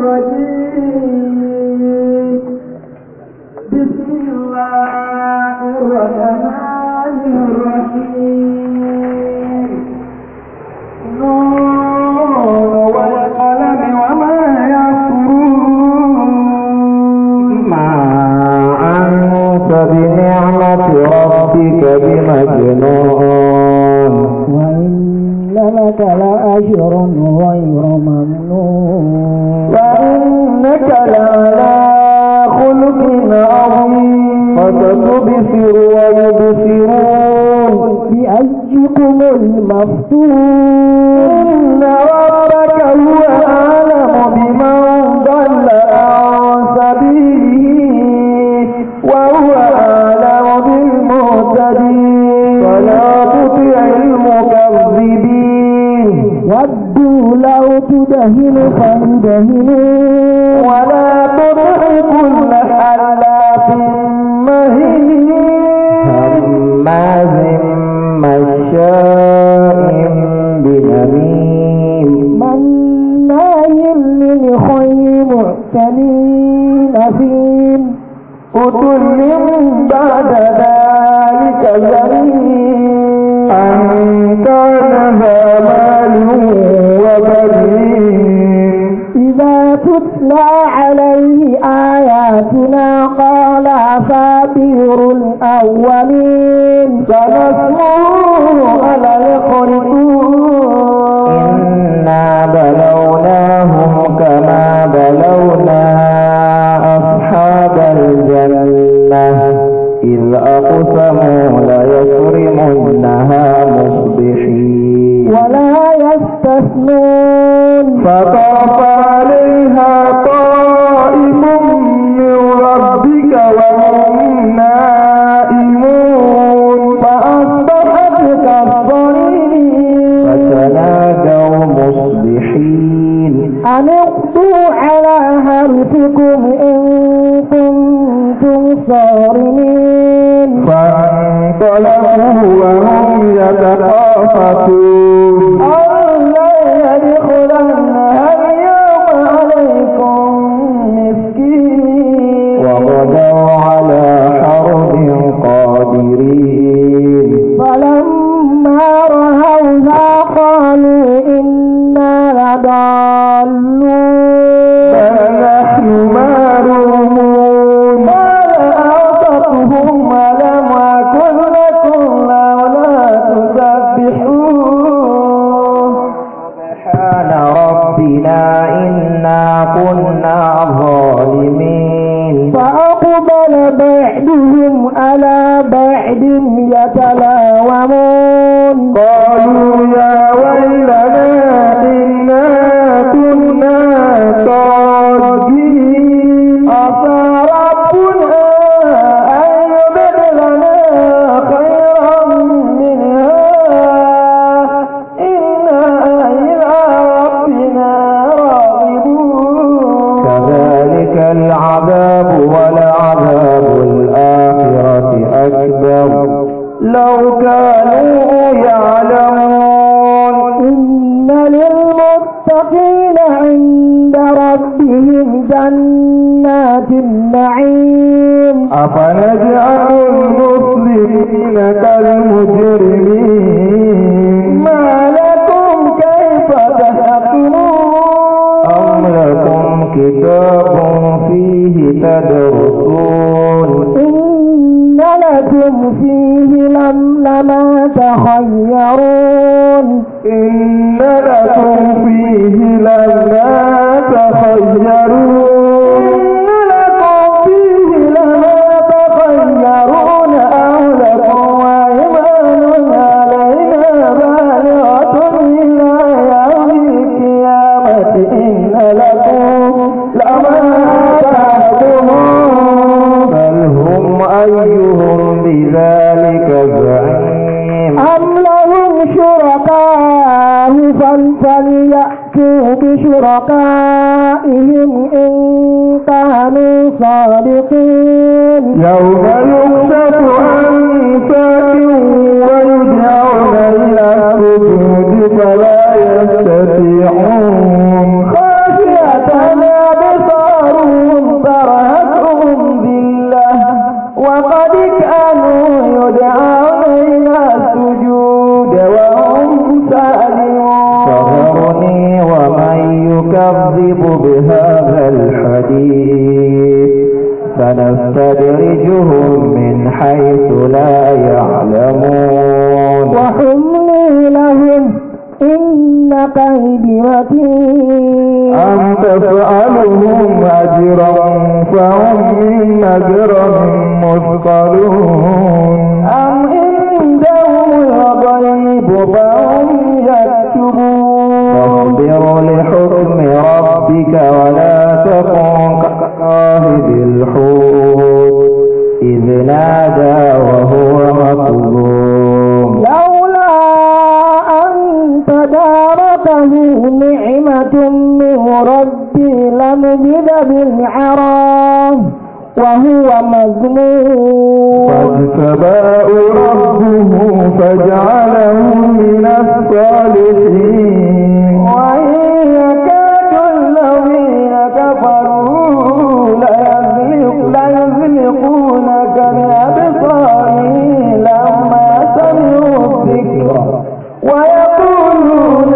الرجيم بسم الله الرحمن الرحيم اغمضوا على هرفكم إن كنتم صارمين فانطلقوا وهم يتخافتون شركائهم إن كانوا صادقين يوم يكشف عن ساك ويدعون إلى السجود فلا سنستدرجهم من حيث لا يعلمون وحملي لهم إن قيدي متين أم تسألهم أجرا فهم من أجرا مثقلون أم عندهم الغيب فهم يكتبون فاصبر لحكم ربك ولا تقل صاحب الحوت إذ نادى وهو مظلوم لولا أن تداركه نعمة من ربي لنبذ بالعراق وهو مذموم فاجتباه ربه فجعله من الصالحين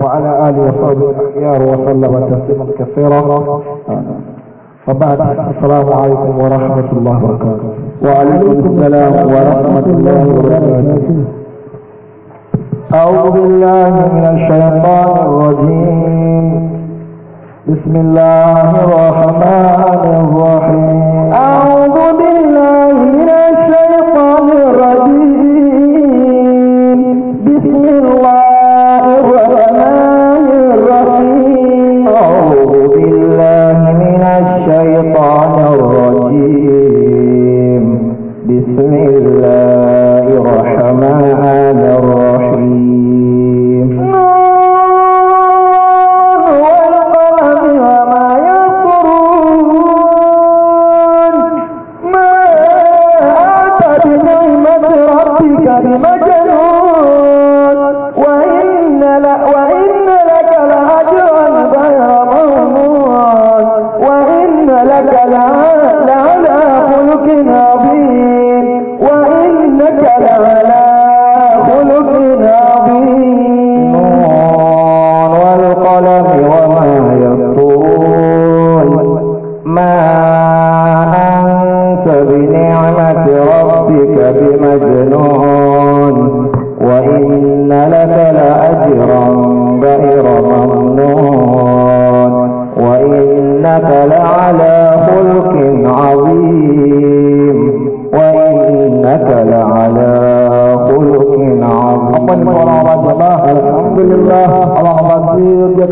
وعلى آله وصحبه الأخيار وسلم تسليما كثيرا وبعد السلام عليكم ورحمة الله وبركاته وعليكم السلام ورحمة الله وبركاته أعوذ بالله من الشيطان الرجيم بسم الله الرحمن الرحيم أعوذ بالله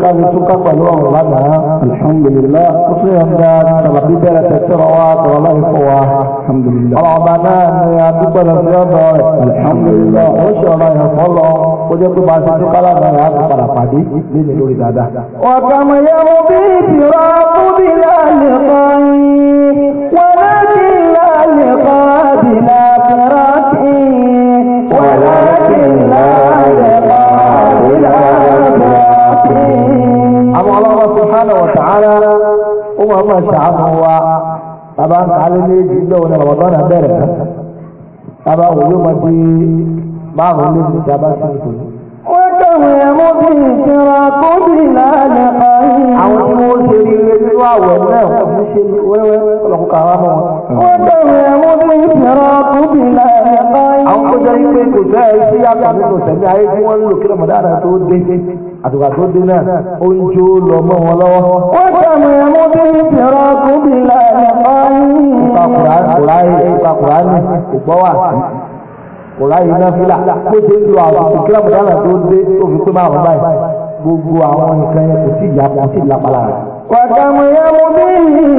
كان تكفى الوان لنا الحمد لله وصيام داد سبب بلا تسروات ولا يقوى الحمد لله ربنا يا تقبل الزيادة الحمد لله وشاء الله يفضل وجدت بعد ذلك قال يا تقبل فادي وكم يرضي méjì lọ́wọ́ ní Ramadan bẹ̀rẹ̀ náà tábà wò yóò máa di márùn méjì tábà sí ìtò yìí. wọ́n tẹ̀wé mú bí ìtura tó bí lálẹ́ parí. àwọn tí wọ́n ṣe rí ilé nínú àwẹ̀ náà àtùgbà tó dé náà ó lọ mọ́ wọn lọ́wọ́. wọ́n tẹ̀wé mú bí ìtura tó bí lálẹ́ parí ka kùránì ka kùránì kò gbọ́ wà sí kùránì náà fílà bó ṣe ń lo àwọn ìkíra mọ̀dánà tó dé tó fi pé máa wọ́n báyìí gbogbo àwọn nǹkan yẹn kò sí ìyá sí ìlápalà rẹ̀. wàtàmù yẹn mú bí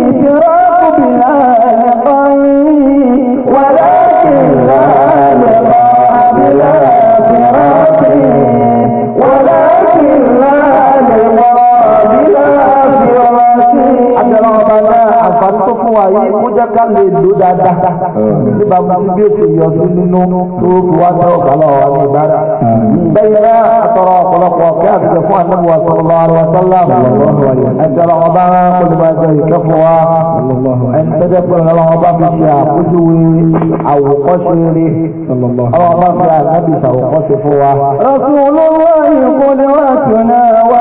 ìṣirọ́ tóbi náà ẹ̀kọ́ yìí àbílẹ̀ ìṣirọ́ àǹfààní tó fún wa yìí kó jẹ́ ká lè lò dáadáa nípa gbogbo bí ètò ìyọ̀sí nínú tó fi wá sọ̀rọ̀ bàlá wa ní ìbára. bẹ́ẹ̀ náà àtọ̀rọ̀ ọ̀pọ̀lọpọ̀ kí àtijọ́ fún àtẹ̀wò sallallahu alaihi wasallam ẹ̀jẹ̀ lọ́wọ́ bá kólúbà ẹ̀jẹ̀ ìkẹ́fọ́ wa ẹ̀ńtẹ́jẹ́ pé ọlọ́wọ́ bá fi ṣe àkójúwe àwòkọ́ṣe ọlọ́wọ́ bá fi àgbàbí ṣàwòkọ́ṣe fún wa. rasulullah qudwatuna wa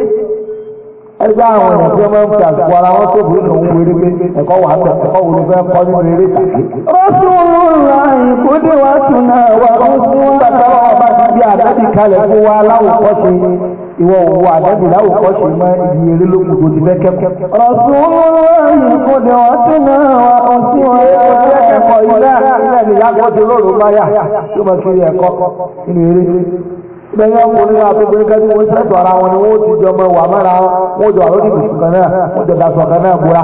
ẹgbẹ́ àwọn èèyàn tí wọ́n máa ń fi àsìkò ara wọn tó burú lòún wéré pé ẹ̀kọ́ wà bẹ̀ ẹ̀kọ́ wo ló fẹ́ kọ́ nínú eré tàbí. ó sún un láì kó dé wá sùn náà wà ó sún un. bàtà wọn bá ti bí àdábì kalẹ̀ fún wa láwùkọ́ ìwọ òwò àdábì láwùkọ́ ṣe mọ́ eré lókun tó ti fẹ́ ọ̀sùn un láì kó dé wá sùn náà wà ó sún un. ẹ̀kọ́ bẹ́ẹ̀ ọkùnrin àtọ́kùnrin kan tí wọ́n sẹ́tọ̀ ara wọn ni wọ́n ti jọ mọ wà mọ́ra wọn jọ àlọ́ dìbò sùn kan náà wọ́n jọ dasọ̀ kan náà búra.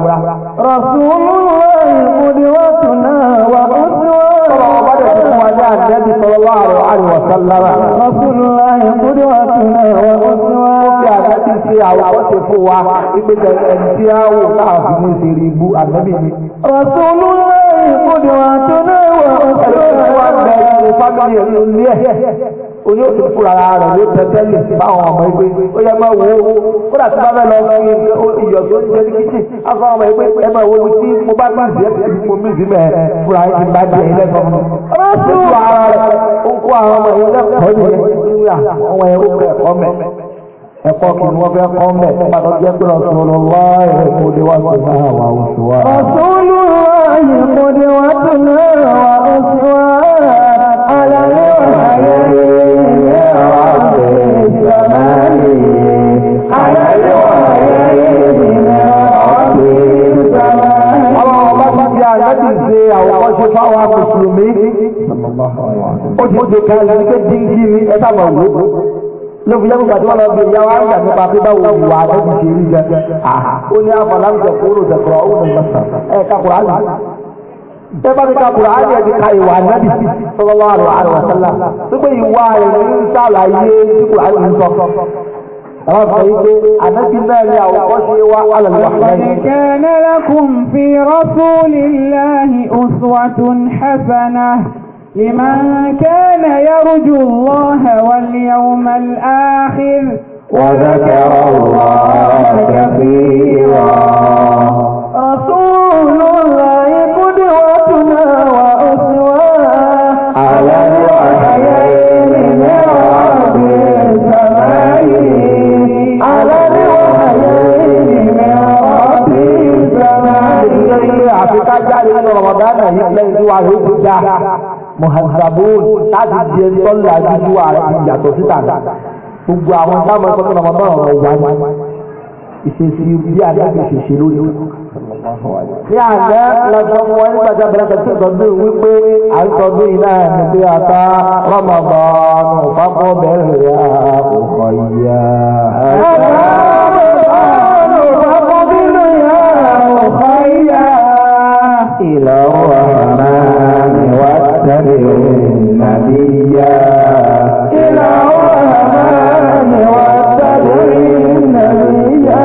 Rasulullahi qudwatuna wa uswatuna. Sọ̀rọ̀ ọba dẹ̀ ti fún wa ní àdẹ́bí sallallahu alaihi wa sallam. Rasulullahi qudwatuna wa uswatuna. Ó fi àdájú sí àwọn ṣe fún wa ìgbésẹ̀ ẹni tí a wò káàfin ní ìṣèlú ibú àdẹ́bí mi. Rasulullahi qudwatuna wa uswatuna. Ẹni tí wọ́n bẹ̀rẹ̀ oní òkè fúra rẹ̀ ló tẹ́tẹ́lẹ̀ báwọn ọmọ ẹgbẹ́ ó yẹ máa wo kódà tí bá fẹ́ lọ sí iyọ̀ tó ti jẹ́rí kíchìn afọ́ ọmọ ẹgbẹ́ ẹ máa wo mi tí mo bá bí ìdí ẹ̀kẹ́ mo mí ìdí mẹ́ fúra ẹ̀ ti bá di ẹ̀yìn lẹ́kọ̀ọ́ mi. ọmọ sí fúra rẹ̀ ó ń kó àwọn ọmọ ẹ̀yìn lẹ́kọ̀ọ́ nìyẹn nígbà ọmọ ẹ̀yìn ó kẹ́ ẹ̀kọ́ kí wọ́n fẹ́ kọ́ mẹ́ pàtó jẹ́ pé ọ̀sọ̀rọ̀ láàyè kó dé wá sí náà wà oṣù wa. ọ̀sọ̀rọ̀ láàyè kó dé wá sí náà wà oṣù wa. ànábì ṣe àwòkọ́ṣe fáwọn mùsùlùmí ó ti ṣe kan ìlú pé díngí ni ẹ sábà wò ó ló fi yẹ́gbùgbà tí wọ́n lọ bí ìyá wa ń gbà nípa pé báwo wù wá ànábì ṣe rí jẹ ó ní àfọlá ń jẹ̀kọ́ ó jẹ̀kọ́ ó ní lọ́sàn ẹ̀ kakura á lù ẹ bá mi ka kùránì ẹ̀ ti ka ìwà nábì sallallahu alaihi wa sallam pípé ìwà rẹ̀ ń sàlàyé tí كان لكم في رسول الله أسوة حسنة لمن كان يرجو الله واليوم الآخر وذكر الله كثيرا muhazabun táàdì Tadi ń tọ́lá nínú ààrẹ ìyàtọ̀ síta náà gbogbo sama táwọn ẹ̀kọ́ tó lọ́mọ náà wọ̀ wá ní ìṣesí bí àdáyé ìṣèṣe lórí. ní àná lọ́sọ̀ fún wọn nígbà tí abẹ́rẹ́ kan tí ata أكثر نبيا إلى وهمان واتبع النبيا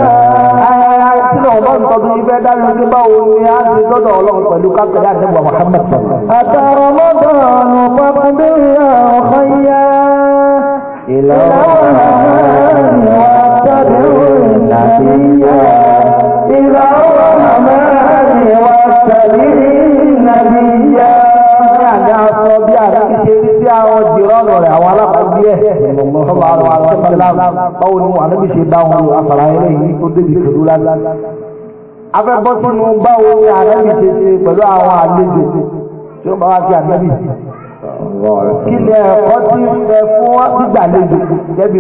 Ọlọ́run ibẹ̀ dájú ní báwo ni a ti lọ́dọ̀ ọlọ́run pẹ̀lú kápẹ́lá àdébọ̀ Muhammad sọ. Àtàrà mọ́tò ọ̀run pápá lórí ọ̀kan àwọn àtàrà النبي إلى الرحمن واتبع náà ní a sọ bí àbí ṣe rí sí àwọn jìrọ́nù rẹ̀ àwọn alábàágbé ẹ̀ ọba àrùn àtẹ́fẹ́lá báwo ni wọn ànábì ṣe bá wọn lò àfàrà eléyìí tó débi kẹdùn lálẹ́. afẹ́bọ́ sínú báwo ni ànábì ṣe ṣe pẹ̀lú àwọn àlejò tí ó bá wá sí ànábì. kí ni ẹ̀kọ́ ti fẹ́ fún gbígbàlejò jẹ́bi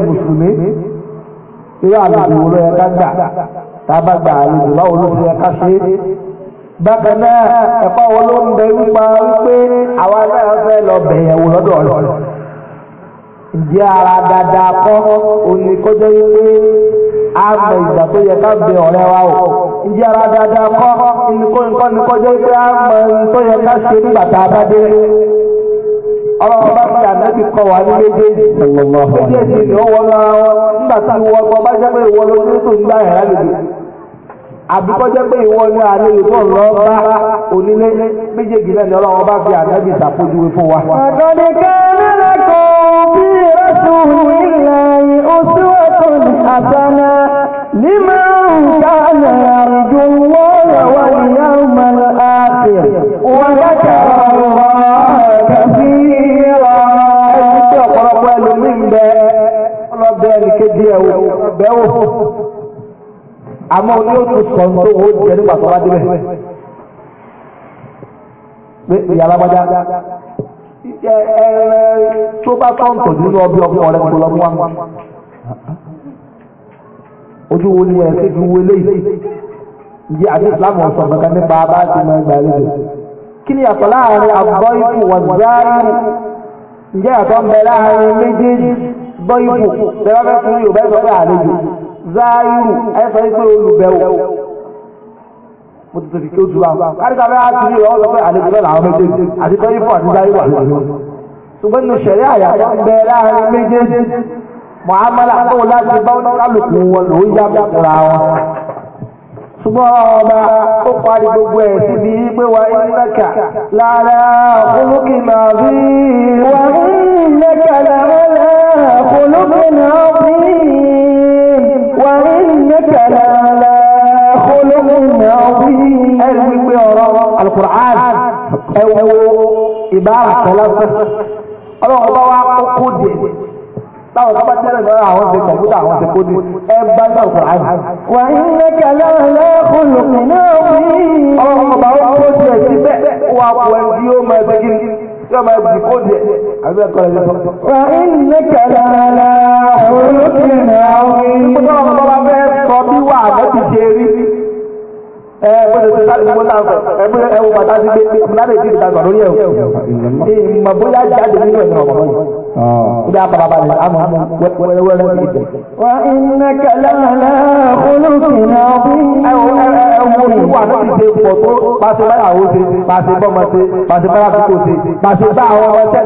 bákan náà wọn wo ló ń bẹ wípa wípé àwa náà fẹ́ lọ bẹ̀yẹ̀wò lọ́dọ̀ ìdí ara dáadáa kọ́ òní wípé a mọ ìgbà tó yẹ ká bẹ ọ̀rẹ́ wa o ìdí ara dáadáa kọ́ ìnìkọ́ a mọ tó yẹ ká ṣe nígbà tá a bá dé àbíkọ́jẹ́ pé ìwọ ní àlè ìfọ̀ lọ bá onílé méjèèjì náà ni ọlọ́run bá fi ànábì ṣàpèjúwe fún wa. àkàndé kẹ́lẹ́ lẹ́kọ̀ọ́ bí ẹ̀sùn nílẹ̀ oṣù ẹ̀tọ́ ní àtàná nímọ̀ nǹkan àrùjọ wọ́ọ̀rọ̀ wà ní yàrá ààfẹ́ wọ́n dákẹ́ ọ̀rọ̀ kẹfì rọ̀. ẹni tí ọ̀pọ̀lọpọ̀ ẹlòmíì ń bẹ ọlọ́bẹ̀ ẹnì kejì àmọ́ yóò tún sọ tó o jẹ nígbà tó bá débẹ̀ pé ìyá alágbájá tó bá tọ́ǹtò nínú ọbí ọbí ọ̀rẹ́ kò lọ mú ojú wo ni ẹ̀ ṣéjú wo eléyìí ìdí àti Islam ọ̀sán kankan nípa bá ti máa gbà lóde kí ni yàtọ̀ láàrin àbọ̀ìfù wàzáàrù ǹjẹ́ yàtọ̀ ń bẹ láàrin méjèèjì bọ́ìfù bẹ́ẹ̀ bá fẹ́ fún Yorùbá ìsọ̀rọ̀ àlejò záírù ẹ̀fẹ́ pé olùbẹ̀wò mo ti tòbi kí ó dúró àwọn káríkà bẹ́ẹ̀ á ti rí ọ̀rọ̀ pé àlejò náà làwọn méjèèjì àti tó yípo àti záírù àti òyìnbó ṣùgbọ́n nínú ṣẹ̀rí àyàtọ̀ ń bẹ láàrin méjèèjì mọ̀hámálà tóun láti bá kálukú wọn lòún yá bàtàrà wọn ṣùgbọ́n ọba ó parí gbogbo ẹ̀ síbi pé wà ìlẹ́kà lára olókè máa bí wà ìlẹ́kà lára olókè máa bí innaka la'ala khuluqin 'azim ẹ̀rí wípé ọ̀rọ̀ alukur'an ẹ̀wọ̀ ìbára kẹlẹ́ fẹ́ ọlọ́run bá wá kókó dé táwọn tó bá tẹ́lẹ̀ lọ́rọ̀ àwọn ṣe kọ̀m̀pútà àwọn ṣe kódì ẹ bá gbà ọ̀sán àìsàn. wà á ilé kẹlẹ́ ọlọ́kùn lùkùn náà wí. ọlọ́run bá wọn kó tiẹ̀ síbẹ̀ wà á wọ ẹbí ó máa ẹgbẹ́ kiri tí wọ́n máa ẹbí kó tiẹ̀ àbí ẹ̀kọ́ rẹ̀ lọ́sọ̀. wà á ilé kẹlẹ́ ọlọ́kùn náà wí ṣe rí ẹ̀wọ̀n bàtà sí pé ìmúlẹ̀ ìdí ìdàgbà lórí ẹ̀ ìmọ̀ bóyá jáde nínú ẹ̀yìn ọ̀gbọ̀n yìí ìdí àbàbà ni àmọ́ ah. wẹ́rẹ́wẹ́rẹ́ ní ìdẹ̀. wà á iná kẹlẹ́ lẹ́ olókìnà bí. ẹ̀wọ̀n ní wà ní ìdè pọ̀ tó pàṣẹ báyà ó ṣe pàṣẹ bọ́mọ ṣe pàṣẹ báyà tó kò ṣe pàṣẹ bá àwọn ọmọ ṣẹ́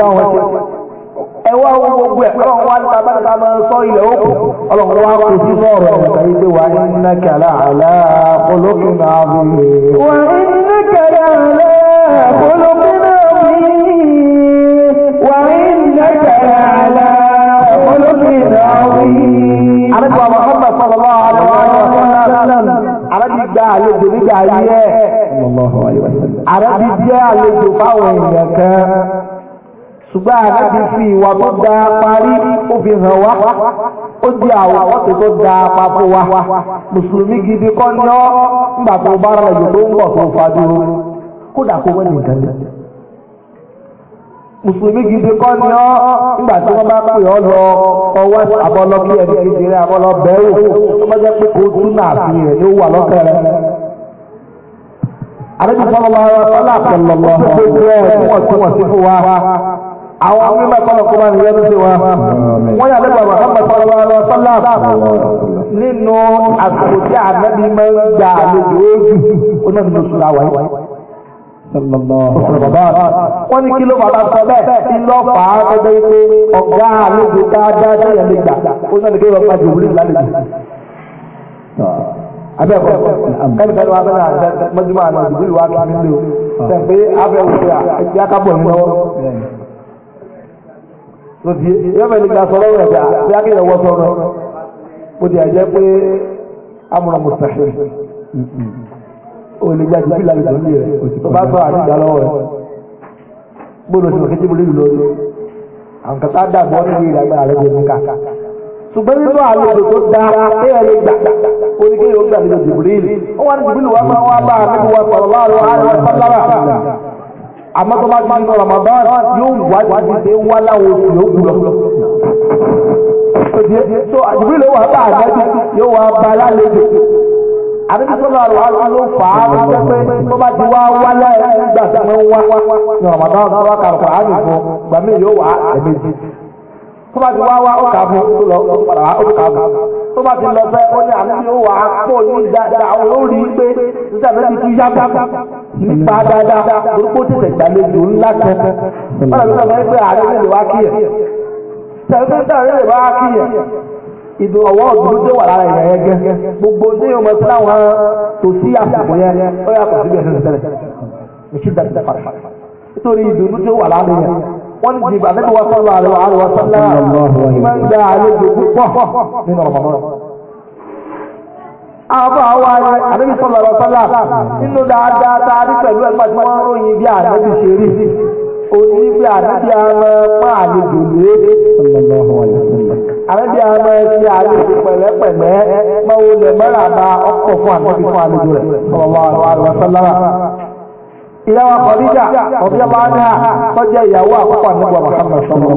tó mẹ́lá ẹwà ohun gbogbo ẹ̀ ọlọ́run wá nípa bá nípa máa sọ ilẹ̀ òkú ọlọ́run wá kò sí sọ̀rọ̀ ọ̀gá ilé wa iná kẹlẹ́ àlá olókùn náà bí mi. wà iná kẹlẹ́ àlá olókùn náà bí wà iná kẹlẹ́ àlá olókùn náà bí. àrẹ́gbọ́ àwọn ọmọ sọ̀rọ̀ lọ́wọ́ àwọn ọmọ náà gba àlejò nígbà ayé ẹ̀ àrẹ́bí jẹ́ àlejò fáwọn èèyàn kan. ṣùgbọ́n àgbàbí fi ìwà tó dáa parí ó hàn wá ó di àwọn tó dáa papọ̀ wa mùsùlùmí gidi kọ́ ní ọ́ nígbà tó bá rẹ̀ jù tó ń bọ̀ tó fa dúró kódà kó mùsùlùmí gidi kọ́ ọ́ nígbà tí wọ́n bá pè ọ́ lọ ọwọ́ àbọ̀lọ́ kí ẹni rẹ̀ àbọ̀lọ́ bẹ́ẹ̀ wò àwọn mímọ̀ kọ́nà kó máa nìyẹn lóṣè wa wọ́n yà lẹ́gbàá Muhammad sallallahu alaihi wasallam nínú àsìkò tí ànábì máa ń gba àlejò ojú ó náà nínú sùn àwáyé wọ́n ní kí ló bàbá sọ bẹ́ẹ̀ kí ló fà á gbẹgbẹ́ pé ọ̀gá àlejò dáadáa tó yẹ lè gbà ó náà ní kí ló bàbá jù wúlò lálejò. abẹ́ẹ̀kọ́ kẹ́lifẹ́ni wa bẹ́ẹ̀ náà mọ́júmọ́ àná ìdílé wa kì í nílò sẹ́pẹ́ abẹ́wò pé ẹ̀jẹ̀ akábọ̀ ń lọ́wọ́. lóbi yọọ bẹni gba sọlọ wẹ bíi àti akéde wọ sọ̀rọ̀ mo di àjẹ pé amúra mùsàlẹ o lè gba jìbìlì àti o bá sọ àti ìdálọ lórí àwọn kàtà ìdàgbà rẹ bí ṣùgbọ́n nínú tó dára lè gbà ó gbà nínú wà máa wà bá wà sọ̀rọ̀ láàrin àmọ́ tó bá ti nù Ramadan yóò wá ti ṣe ń wá láwọn oṣù yòókù lọ. so àdìbò ìlú wa bá àgbẹ̀bí yóò wá ba lálejò àbíkí sọ́nà àlọ́ ló fà á wọ́n pé tó bá ti wá wá láyé nígbà tí wọ́n wá ní Ramadan tó bá kà Kùránì fún gbàmí yóò wá ẹ̀mejì tó bá ti wá wá ọkà fún tó lọ padà wá ọkà fún tó bá ti lọ fẹ́ ó ní àmì ó wà á pọ̀ ní dáadáa ó rí i pé nígbà tó ti tún nípa dáadáa orúkọ tètè gbàlejò ńlá kan wọn làbí sọ̀rọ̀ pé ààrẹ lè wá kíyẹ̀ sẹ̀rẹ̀ ààrẹ lè wá kíyẹ̀ ìdùn ọwọ́ ọ̀dùnú tó wà lára ìyẹn gẹ́gẹ́ gbogbo ní ọmọ tí láwọn tó sí àsìkò yẹn ó yà pàṣẹ bí ẹ̀sẹ̀ sẹ̀rẹ̀ wọ́n ní jìbà níbi wọ́n sọ́lá àríwá àríwá sọ́lá máa ń gba àlejò púpọ̀ nínú Ramadan. Àbá wa ni àdébí sọ́lá àríwá sọ́lá nínú dáadáa tá a rí pẹ̀lú ẹgbẹ́ tí wọ́n ròyìn bí àdébí ṣe rí. Òní bí àdébí àmọ́ pa àlejò lé. Àdébí àmọ́ ṣe àlejò pẹ̀lẹ́pẹ̀lẹ́ máa wọlé bá ọkọ̀ fún àdébí fún àlejò rẹ̀ sọ́lá àríwá sọ́lá ìyàwó àkọ́díjà ọ̀bí ọba ní à tọ́jú ìyàwó àkọ́kọ́ nígbà Muhammad sallallahu alaihi wa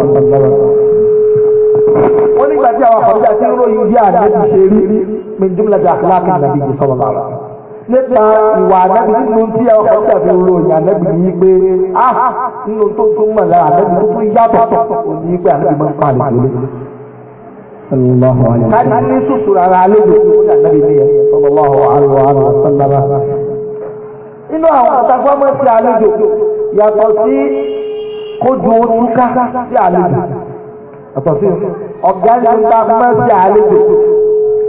sallam. wọ́n nígbà tí àwọn àkọ́díjà ti ń ròyìn bí ànábì ṣe rí min jumlati akhlaqi nàbí yìí sallallahu alaihi wa sallam. nípa ìwà ànábì nínú tí àwọn àkọ́díjà fi ròyìn ànábì yìí pé a ah, nínú tó tún mọ̀ lára ànábì tó tún yàtọ̀ òní pé ànábì máa ń pa àlejò lé. Kájí ní sùsùrù ara àlejò inú àwọn àtàgbọ́mọ́ sí àlejò yàtọ̀ sí kójú túká sí àlejò yàtọ̀ sí ọ̀gá ní ìtàgbọ́mọ́ sí àlejò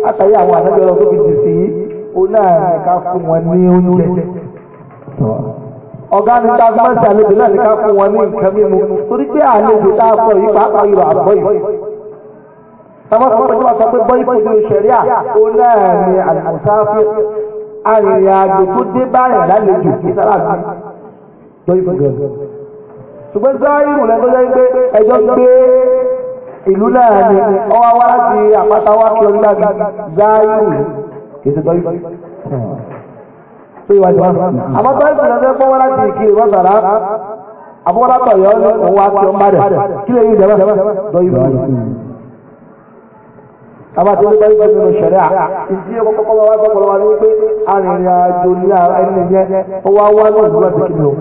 látàrí àwọn àtàgbọ́mọ́ tó fi dìsí yìí ó náà ká fún wọn ní oúnjẹ ọ̀gá ní ìtàgbọ́mọ́ sí àlejò náà ní ká fún wọn ní nǹkan mímu torí pé àlejò tá a sọ yìí pàápàá yìí rà àbọ̀ yìí tọ́mọ́sọ́pọ̀ tí wọ́n sọ pé bọ́ ìpínlẹ̀ ìṣẹ̀ríà ó náà ní arìnrìn-àjò tó dé báyìí lálejò kí sára bí lórí fúgẹ̀. ṣùgbọ́n sọ́ọ́rì ìmùlẹ̀ tó jẹ́ pé ẹjọ́ gbé ìlú náà ni ọwọ́ wá láti àpáta wá kí ọdún láti záírù kì í ṣe tọ́jú. àmọ́ sọ́ọ́rì ìmùlẹ̀ tó pọ́n wá láti ìkí ìrọ́sàrá àbúkọ́lá tọ̀yọ́ ní òun wá kí ọ àbá tí wọ́n bá yíyá nínú ṣẹ̀rẹ́ à ìdí ẹ̀kọ́ kọ́kọ́ wá sọ́kọ̀lọ́ wa ní pé arìnrìn àjò ní ẹni yẹn ó wá wá ní ìlú àti kìnìún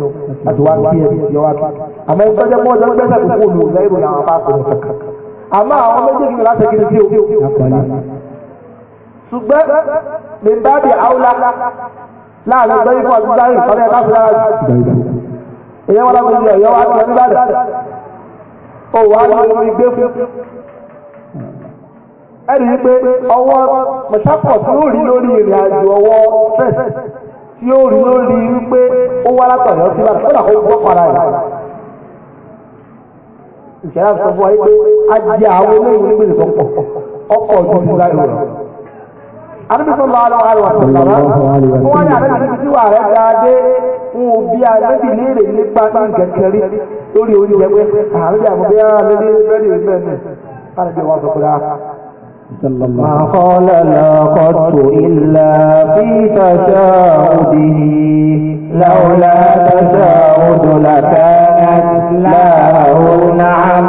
àti wá kí ẹni yọ wá kí. àmọ́ ẹni tọ́jú pọ́ ọjọ́ gbẹ́sẹ̀ kò kúrò lóòrùn lẹ́yìn ìròyìn bá kọ̀ ọ̀kọ̀. àmọ́ àwọn méjèèjì láti kiri sí òkè ṣùgbọ́n mẹ́bàbí àwùlá láàrin ìgbẹ́ ẹ̀rí pé ọwọ́ pẹ̀sápọ̀ tí ó rí lórí ìrìn àjò ọwọ́ stress tí ó rí lórí wípé ó wá látọ̀yọ́ sí láti kọ́nà kó gbọ́ para ìṣẹ̀lá sọ fún wa pé àwọn nígbèrè tó pọ̀ ọkọ̀ ojú ti rẹ̀. àdébísọ lọ àlọ àlọ àtọ̀tàrà fún wa ní àdébísọ tí wà rẹ̀ dáadé léèrè nípa lórí oúnjẹ pé ما قال لا قط إلا في تشاهده لولا تشاهد لكانت لا نعم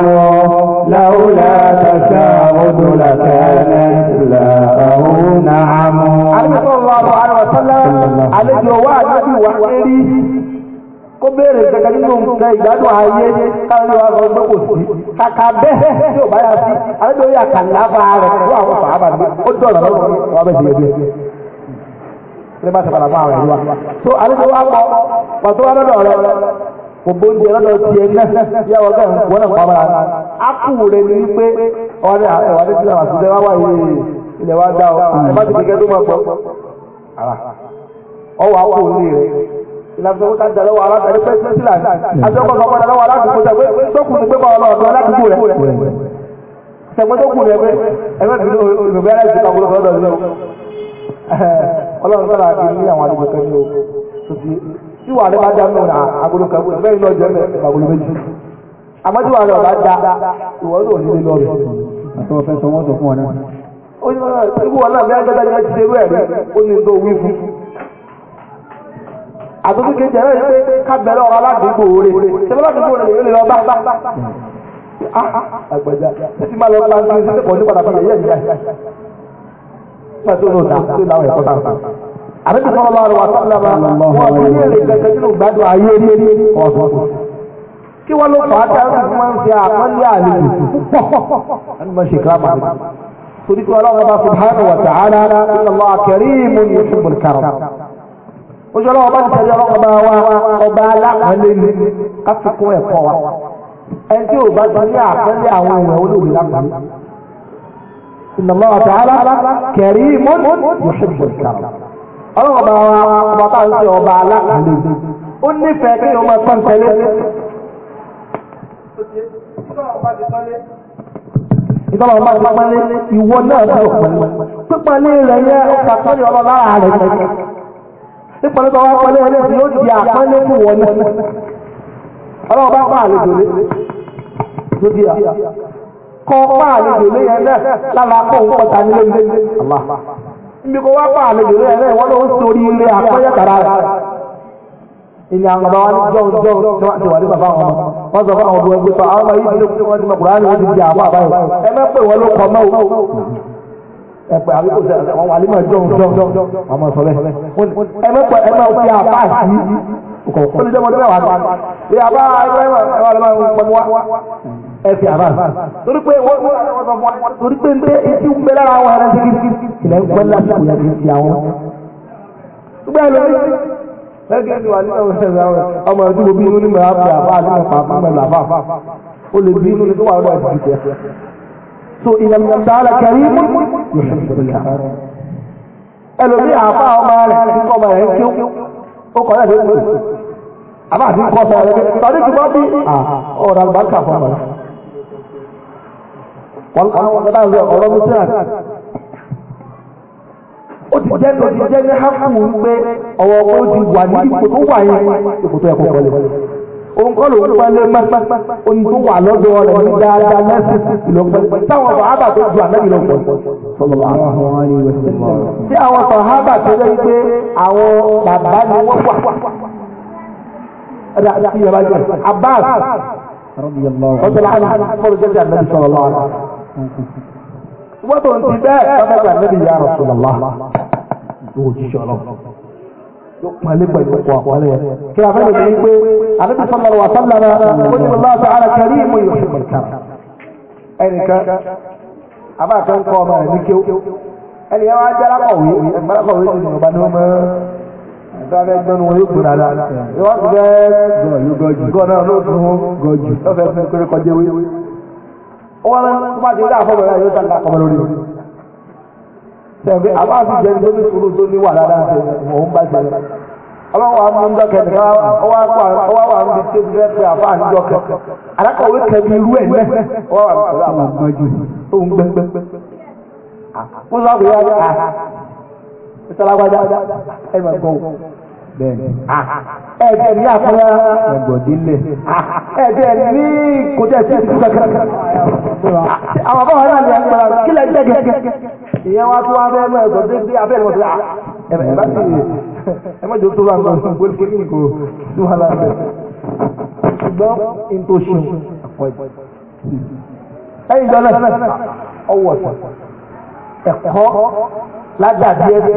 لولا تشاهد لكانت لا نعم عليه الصلاة والسلام عليه وآله وحده kó béèrè gẹ́gẹ́ nínú nǹkan ìgbádùn ayé káwọn yóò wá sọ pé kò sí kàkà bẹ́ẹ̀ tí ò bá yà sí àlejò yà kà láfa rẹ̀ fún àwọn sàábà ní ó dọ̀rọ̀ lọ́wọ́ wọn bẹ́ẹ̀ jẹ́ bẹ́ẹ̀ ṣé bá sàbàlà fún àwọn ẹ̀rọ wa tó àlejò wa kọ pàtó wa lọ́dọ̀ rẹ̀ kò bóńjẹ lọ́dọ̀ tiẹ̀ náà yà wọ́n bẹ́ẹ̀ wọ́n náà pàmò àná ápù rẹ̀ ní pé ọ̀rẹ́ àwọn ìlànà ká dàlọ́ wà aládàrí pẹ́ sí sílà àjọpọ̀ kan padà lọ́wọ́ aládùúgbò tẹ̀ pé tókùnrin pé bá ọlọ́ọ̀dọ́ aládùúgbò rẹ̀ tẹ̀gbọ́n tókùnrin ẹgbẹ́ ẹgbẹ́ bínú olùgbé aláìsí kan gbọ́dọ̀ lọ́dọ̀ lọ́wọ́ ọlọ́run sọ́la àti ní àwọn àdúgbò kan o tòtí tí wà lẹ́ bá dá àtúntò kejì ẹ̀rọ yìí pé kábẹ̀rẹ̀ ọ̀rọ̀ aládùúgbò rẹ̀ ṣẹlẹ̀ aládùúgbò rẹ̀ lè lọ bá ah, àgbẹ̀dá títí máa lọ bá ní sípò ní padàbọ̀dà yẹ̀ nígbà pẹ̀tù lòdà tó láwọn ẹ̀kọ́ tà àbẹ́tù sọ́rọ̀ lọ́rọ̀ wà sọ́lá bá wọ́n ti ní èrè kẹ̀kẹ́ nínú gbádùn ayé rí rí ọ̀sán kí wọ́n ló fàá fi àpọ́nlé àlejò ẹni máa ṣe kíláàmù àbẹ́ torí pé ọlọ́run subhanahu wa ta'ala inna Allah karimun yuhibbul karam oṣù ọlọ́wọ́ bá ti tẹ̀lé ọlọ́wọ́ bá wa ọba alápẹ̀lẹ́ ni ká fi kún ẹ̀kọ́ wa ẹni tí ò bá ti ní àpẹẹlẹ àwọn èèyàn olóògbé lápẹ̀lẹ́ inna Allah ta'ala karimun yuhibbu al-karam ọlọ́wọ́ bá wa ọba bá ń sọ ọba alápẹ̀lẹ́ ó nífẹ̀ẹ́ kí ni ọmọ ẹ̀kọ́ ń tẹ̀lé ìtọ́lọ̀ ọba ti pẹ́lẹ́ ìwọ náà sọ̀rọ̀ pẹ́lẹ́ pípẹ́lẹ́ rẹ̀ yẹ ọkà sọ́yọ̀ ọlọ́ lára rẹ̀ nípasẹ̀ tó wọ́n pẹ́lẹ́ ẹlẹ́sìn yóò di àpẹ́lẹ́ fún wọn ní ọlọ́run bá pa àlejò lé ló di à kọ́ pa àlejò lé yẹn náà lára kọ́ òun pọ̀ta nílé ilé àmà níbi kó wá pa àlejò lé yẹn náà ló ń sori ilé àpẹ́lẹ́ kàrà rẹ̀ ìní àwọn bàbá wa jọ jọ jọwàdí bàbá wọn wọn sọ fún àwọn ọmọ ẹgbẹ́ sọ àwọn ọmọ yìí ti ní kúrò wọn ti mọ kúrò wọn ti di àwọn àbáyọ ẹ ẹ̀pẹ̀ àbíkò sẹ àwọn àlímọ̀ jọ̀ jọ̀ àmọ́ sọ bẹ́ẹ̀. ẹ mẹ́pọ̀ ẹ máa fi àbá sí ó lè jẹ́ ọmọdé mẹ́wàá kan bí àbá ẹ̀rọ ẹ̀rọ pẹ̀lú wa ẹ fi àbá sí. torí pé wọ́n torí pé pé etí ń bẹ lára àwọn ẹ̀rọ sí kí ilẹ̀ ń pẹ́ lásìkò yẹn kì í ni wà nínú ọ̀sẹ̀ rẹ̀ ọmọ ẹ̀dúgbò bí inú ní mẹ́ra fi àbá àti mẹ́fà fún mẹ́lá fà ó lè bí inú ní tó wà so ìyẹn ní ọ̀tàlá kẹrí ẹlòmí àbá ọmọ rẹ̀ kíkọ́ ọmọ rẹ̀ kí ó kọ́ ẹ̀rẹ́ ìwé àbá àti kọ́ ọmọ rẹ̀ tàbí kí wọ́n bí ọ̀rọ̀ àlùbáríkà fún ọmọ rẹ̀ wọ́n kọ́ ọmọ rẹ̀ ọ̀rọ̀ mú síra ó ti jẹ́ tó ní hákùn pé ọwọ́ ọwọ́ ti wà ní ipò tó wà yẹn ipò tó ẹ̀kọ́ kọ́lé òun kọ́ ló ń pẹ́lẹ́ pẹ́pẹ́ òun tó wà lọ́dọ̀ rẹ̀ ní dáadáa lẹ́sìn ìlọ́pẹ́ táwọn sọ̀hábà tó ju ànábì lọ pọ̀ sí àwọn sọ̀hábà tó lẹ́ pé àwọn bàbá ni wọ́n wà Abbas ọ̀tọ̀lá àná kọ́lù jẹ́ ànábì sọ̀rọ̀ lọ́wọ́ wọ́n tó ń ti bẹ́ẹ̀ ọmọ yóò pàlẹ́ pẹ̀lú ọkọ̀ àpọ̀lẹ́ yẹn. kí a fẹ́ lè fi pé àdébí sọ́mọ́rọ̀ wà sọ́mọ́rọ̀ ó ní bàbá àti ara kẹrí ìmọ̀ yóò ṣe pẹ̀lú ẹnìkan abáàkẹ́ ń kọ́ ọmọ rẹ̀ ní kéw ẹnì yẹn wá jẹ́ alákọ̀wé alákọ̀wé ti ní ọba ní ọmọ ìtàgé gbẹnu wọn yóò sẹ̀fẹ̀ àbáàbí jẹni tó ní sùúrù tó ní wà dáadáa ṣe òun bá ṣe rẹ̀. ọlọ́run àwọn ọmọdé kẹ́ni ká wá wà ní ṣé ti pé àbá àníjọ kẹ́. alákọ̀wé kẹ́ni irú ẹ̀ lẹ́ àwọn ọmọdé gbẹ́gbẹ́. mo sọ ẹ̀ ẹ̀jẹ̀ ní àkọ́yá ẹ̀gbọ̀dínlẹ̀ ẹ̀jẹ̀ ní kòjẹ́ sí ìlú kankan àwọn àbáwọ̀ náà ní agbára kílẹ̀ gẹ́gẹ́ ìyẹn wá tó wá bẹ́ẹ̀ mọ́ ẹ̀gbọ́n dé abẹ́rẹ́ wọn sí à ẹ̀mẹ̀ bá sì ẹ̀mẹ́jọ tó wà ní ọ̀sán gbólígbólí nìkò tó wà lábẹ́ ṣùgbọ́n in tó ṣe ẹ̀yìn ìjọ náà ọwọ́ ẹ̀kọ́ lágbàdí ẹ̀bẹ̀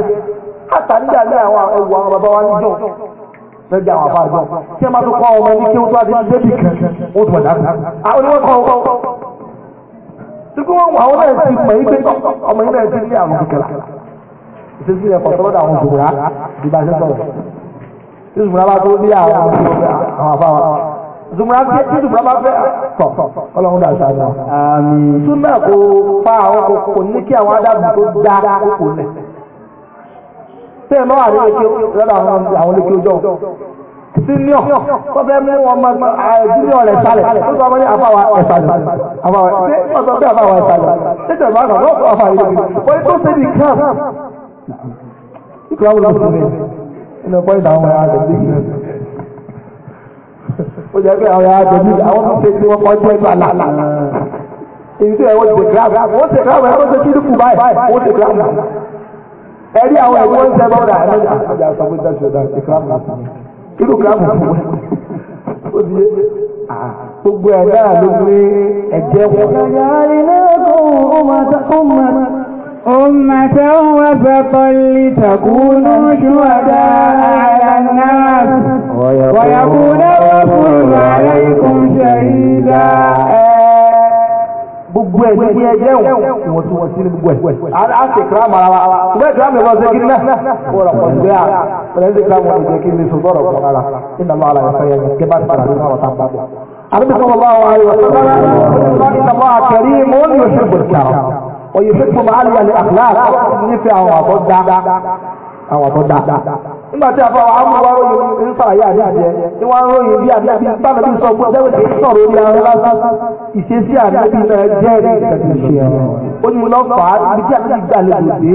àtàríyà ní àwọn ẹwù àwọn bàbá wa níjọ lẹ́gbẹ̀ẹ́ àwọn àbá àjọ tí ẹ máa tó kọ́ ọmọ ní kí ó tó adé ní débì kan ó tó ẹ̀dá àwọn oníwọ̀n kọ́ ọkọ́ tí kí wọ́n wọ àwọn náà ti mọ̀ ipé ọmọ yìí náà ti ní àrùn kìkìlà ìṣesí ẹ̀kọ́ sọ́dọ̀ àwọn òṣùwòrá ìgbà ṣe sọ̀rọ̀ tí ìṣùwòrá bá tó ní àwọn àbá wa zumura fẹ tí zumura bá fẹ tọ Ọlọ́run dàgbà náà. sunna kò fa àwọn kò ní kí àwọn adágún tó dá kókò náà tí ẹ máa rí ẹkẹ lọ́dọ̀ àwọn olùkí ojú ọ̀hún senior tó fẹ́ mú ọmọ junior sálẹ̀ tó sọ wọlé afáwa ẹ̀sàlẹ̀ afáwa ẹ̀sàlẹ̀ tó pé afáwa ẹ̀sàlẹ̀ tètè máa kàn lọ́kọ̀ afáwa ẹ̀sàlẹ̀ wọ́n tó ṣe ní camp ìkúra wọlé ọ̀sùn mi nínú ọ̀pọ̀ ìdá àwọn ará àjẹbí ó jẹ́ pé àwọn ará àjẹbí àwọn tó ṣe tí wọ́n kọ́ jẹ́ ìgbà làlà èyí tó yẹ wọ́n ti ẹ̀rí àwọn ẹ̀gbọ́n ń sẹ́gbọ́n rà ní àjà àtàwọn ìdájọ́dá ìkàmù lásán irú kàmù fún ó di gbogbo ẹ̀ náà ló gbé ẹ̀jẹ̀ wọn. ìgbàgbà àrílẹ́kùn أمة وسطا لتكونوا شهداء على الناس ويكون الرسول عليكم شهيدا gbogbo ẹ̀ ní ẹgbẹ́ wọn ìwọ̀ntúnwọ̀nsí ní gbogbo ẹ̀. a ti kíra mara wa ṣùgbọ́n ìtura mi wọ́n ṣe kí náà wọ́rọ̀ pọ̀ ṣùgbọ́n a pẹ̀lẹ́ ṣe kíra wọn ìjẹ́ kí mi sùn bọ́rọ̀ pọ̀ rárá iná lọ́wọ́ ara ìfẹ́ yẹn kí bá ti padà nínú ọ̀tá bá bọ̀. àdúgbò sọ́wọ́ bá wà ayé wọ́n sọ́wọ́ bá wà kẹrí àwọn tó dá. nígbà tí àfa àwọn amúlùwà ròyìn ń sàlàyé àdéhùn yẹn ni wọ́n ròyìn bí àbí bábà bí sọ pé ọ̀sẹ̀ kì í sọ̀rọ̀ orí ara lásán ìṣesí àdébí náà jẹ́rìí ìṣẹ̀tìṣe ọ̀rọ̀. ó ní lọ fà á ibi tí àdébí gbà lè dé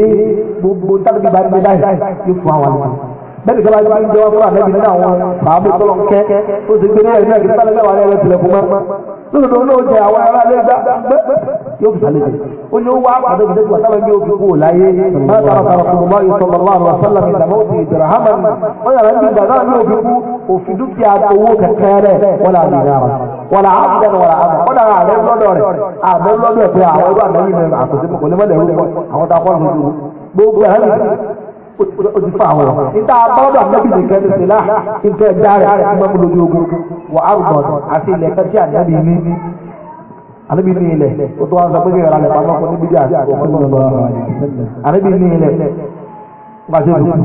gbogbo tábìlì bá gbé dáì yóò fún àwọn àlejò bẹ́ẹ̀ni kí a bá yọ ọjọ́ fún lódodo náà jẹ àwọn ará lé gbá yóò fi sàlẹ̀ jẹ ó ní ó wá àdókòtò ìgbà sábà ní òfin kú láyé máa tààrà tààrà kùnú máa yóò sọ̀rọ̀ láàrú àṣálà mi làmọ́ ti ìdìrà hàmà mi wọ́n yàrá ní ìgbà náà ní òfin kú òfin dúkìá owó kẹ̀kẹ́ rẹ̀ wọ́n là ní ìyára wọ́n là áfẹ́ wọ́n là áfẹ́ wọ́n là àbẹ́ lọ́dọ̀ rẹ̀ àbẹ́ lọ́dọ̀ pé àwọn ọdún àbẹ́yìn rẹ̀ àkọsí o ti fa àwọn níta bọ́dọ̀ nẹ́bí nìkan ti sílá nǹkan ẹ̀dá rẹ̀ ti mọ́ lójú ogun wà á rùbọ̀ àti ilẹ̀ kan tí ànábì ní ànábì ní ilẹ̀ tó tó wá sọ pé kí ẹ̀rọ alẹ́ pamọ́ fún níbi jà ànábì ní ilẹ̀ pàṣẹ òkú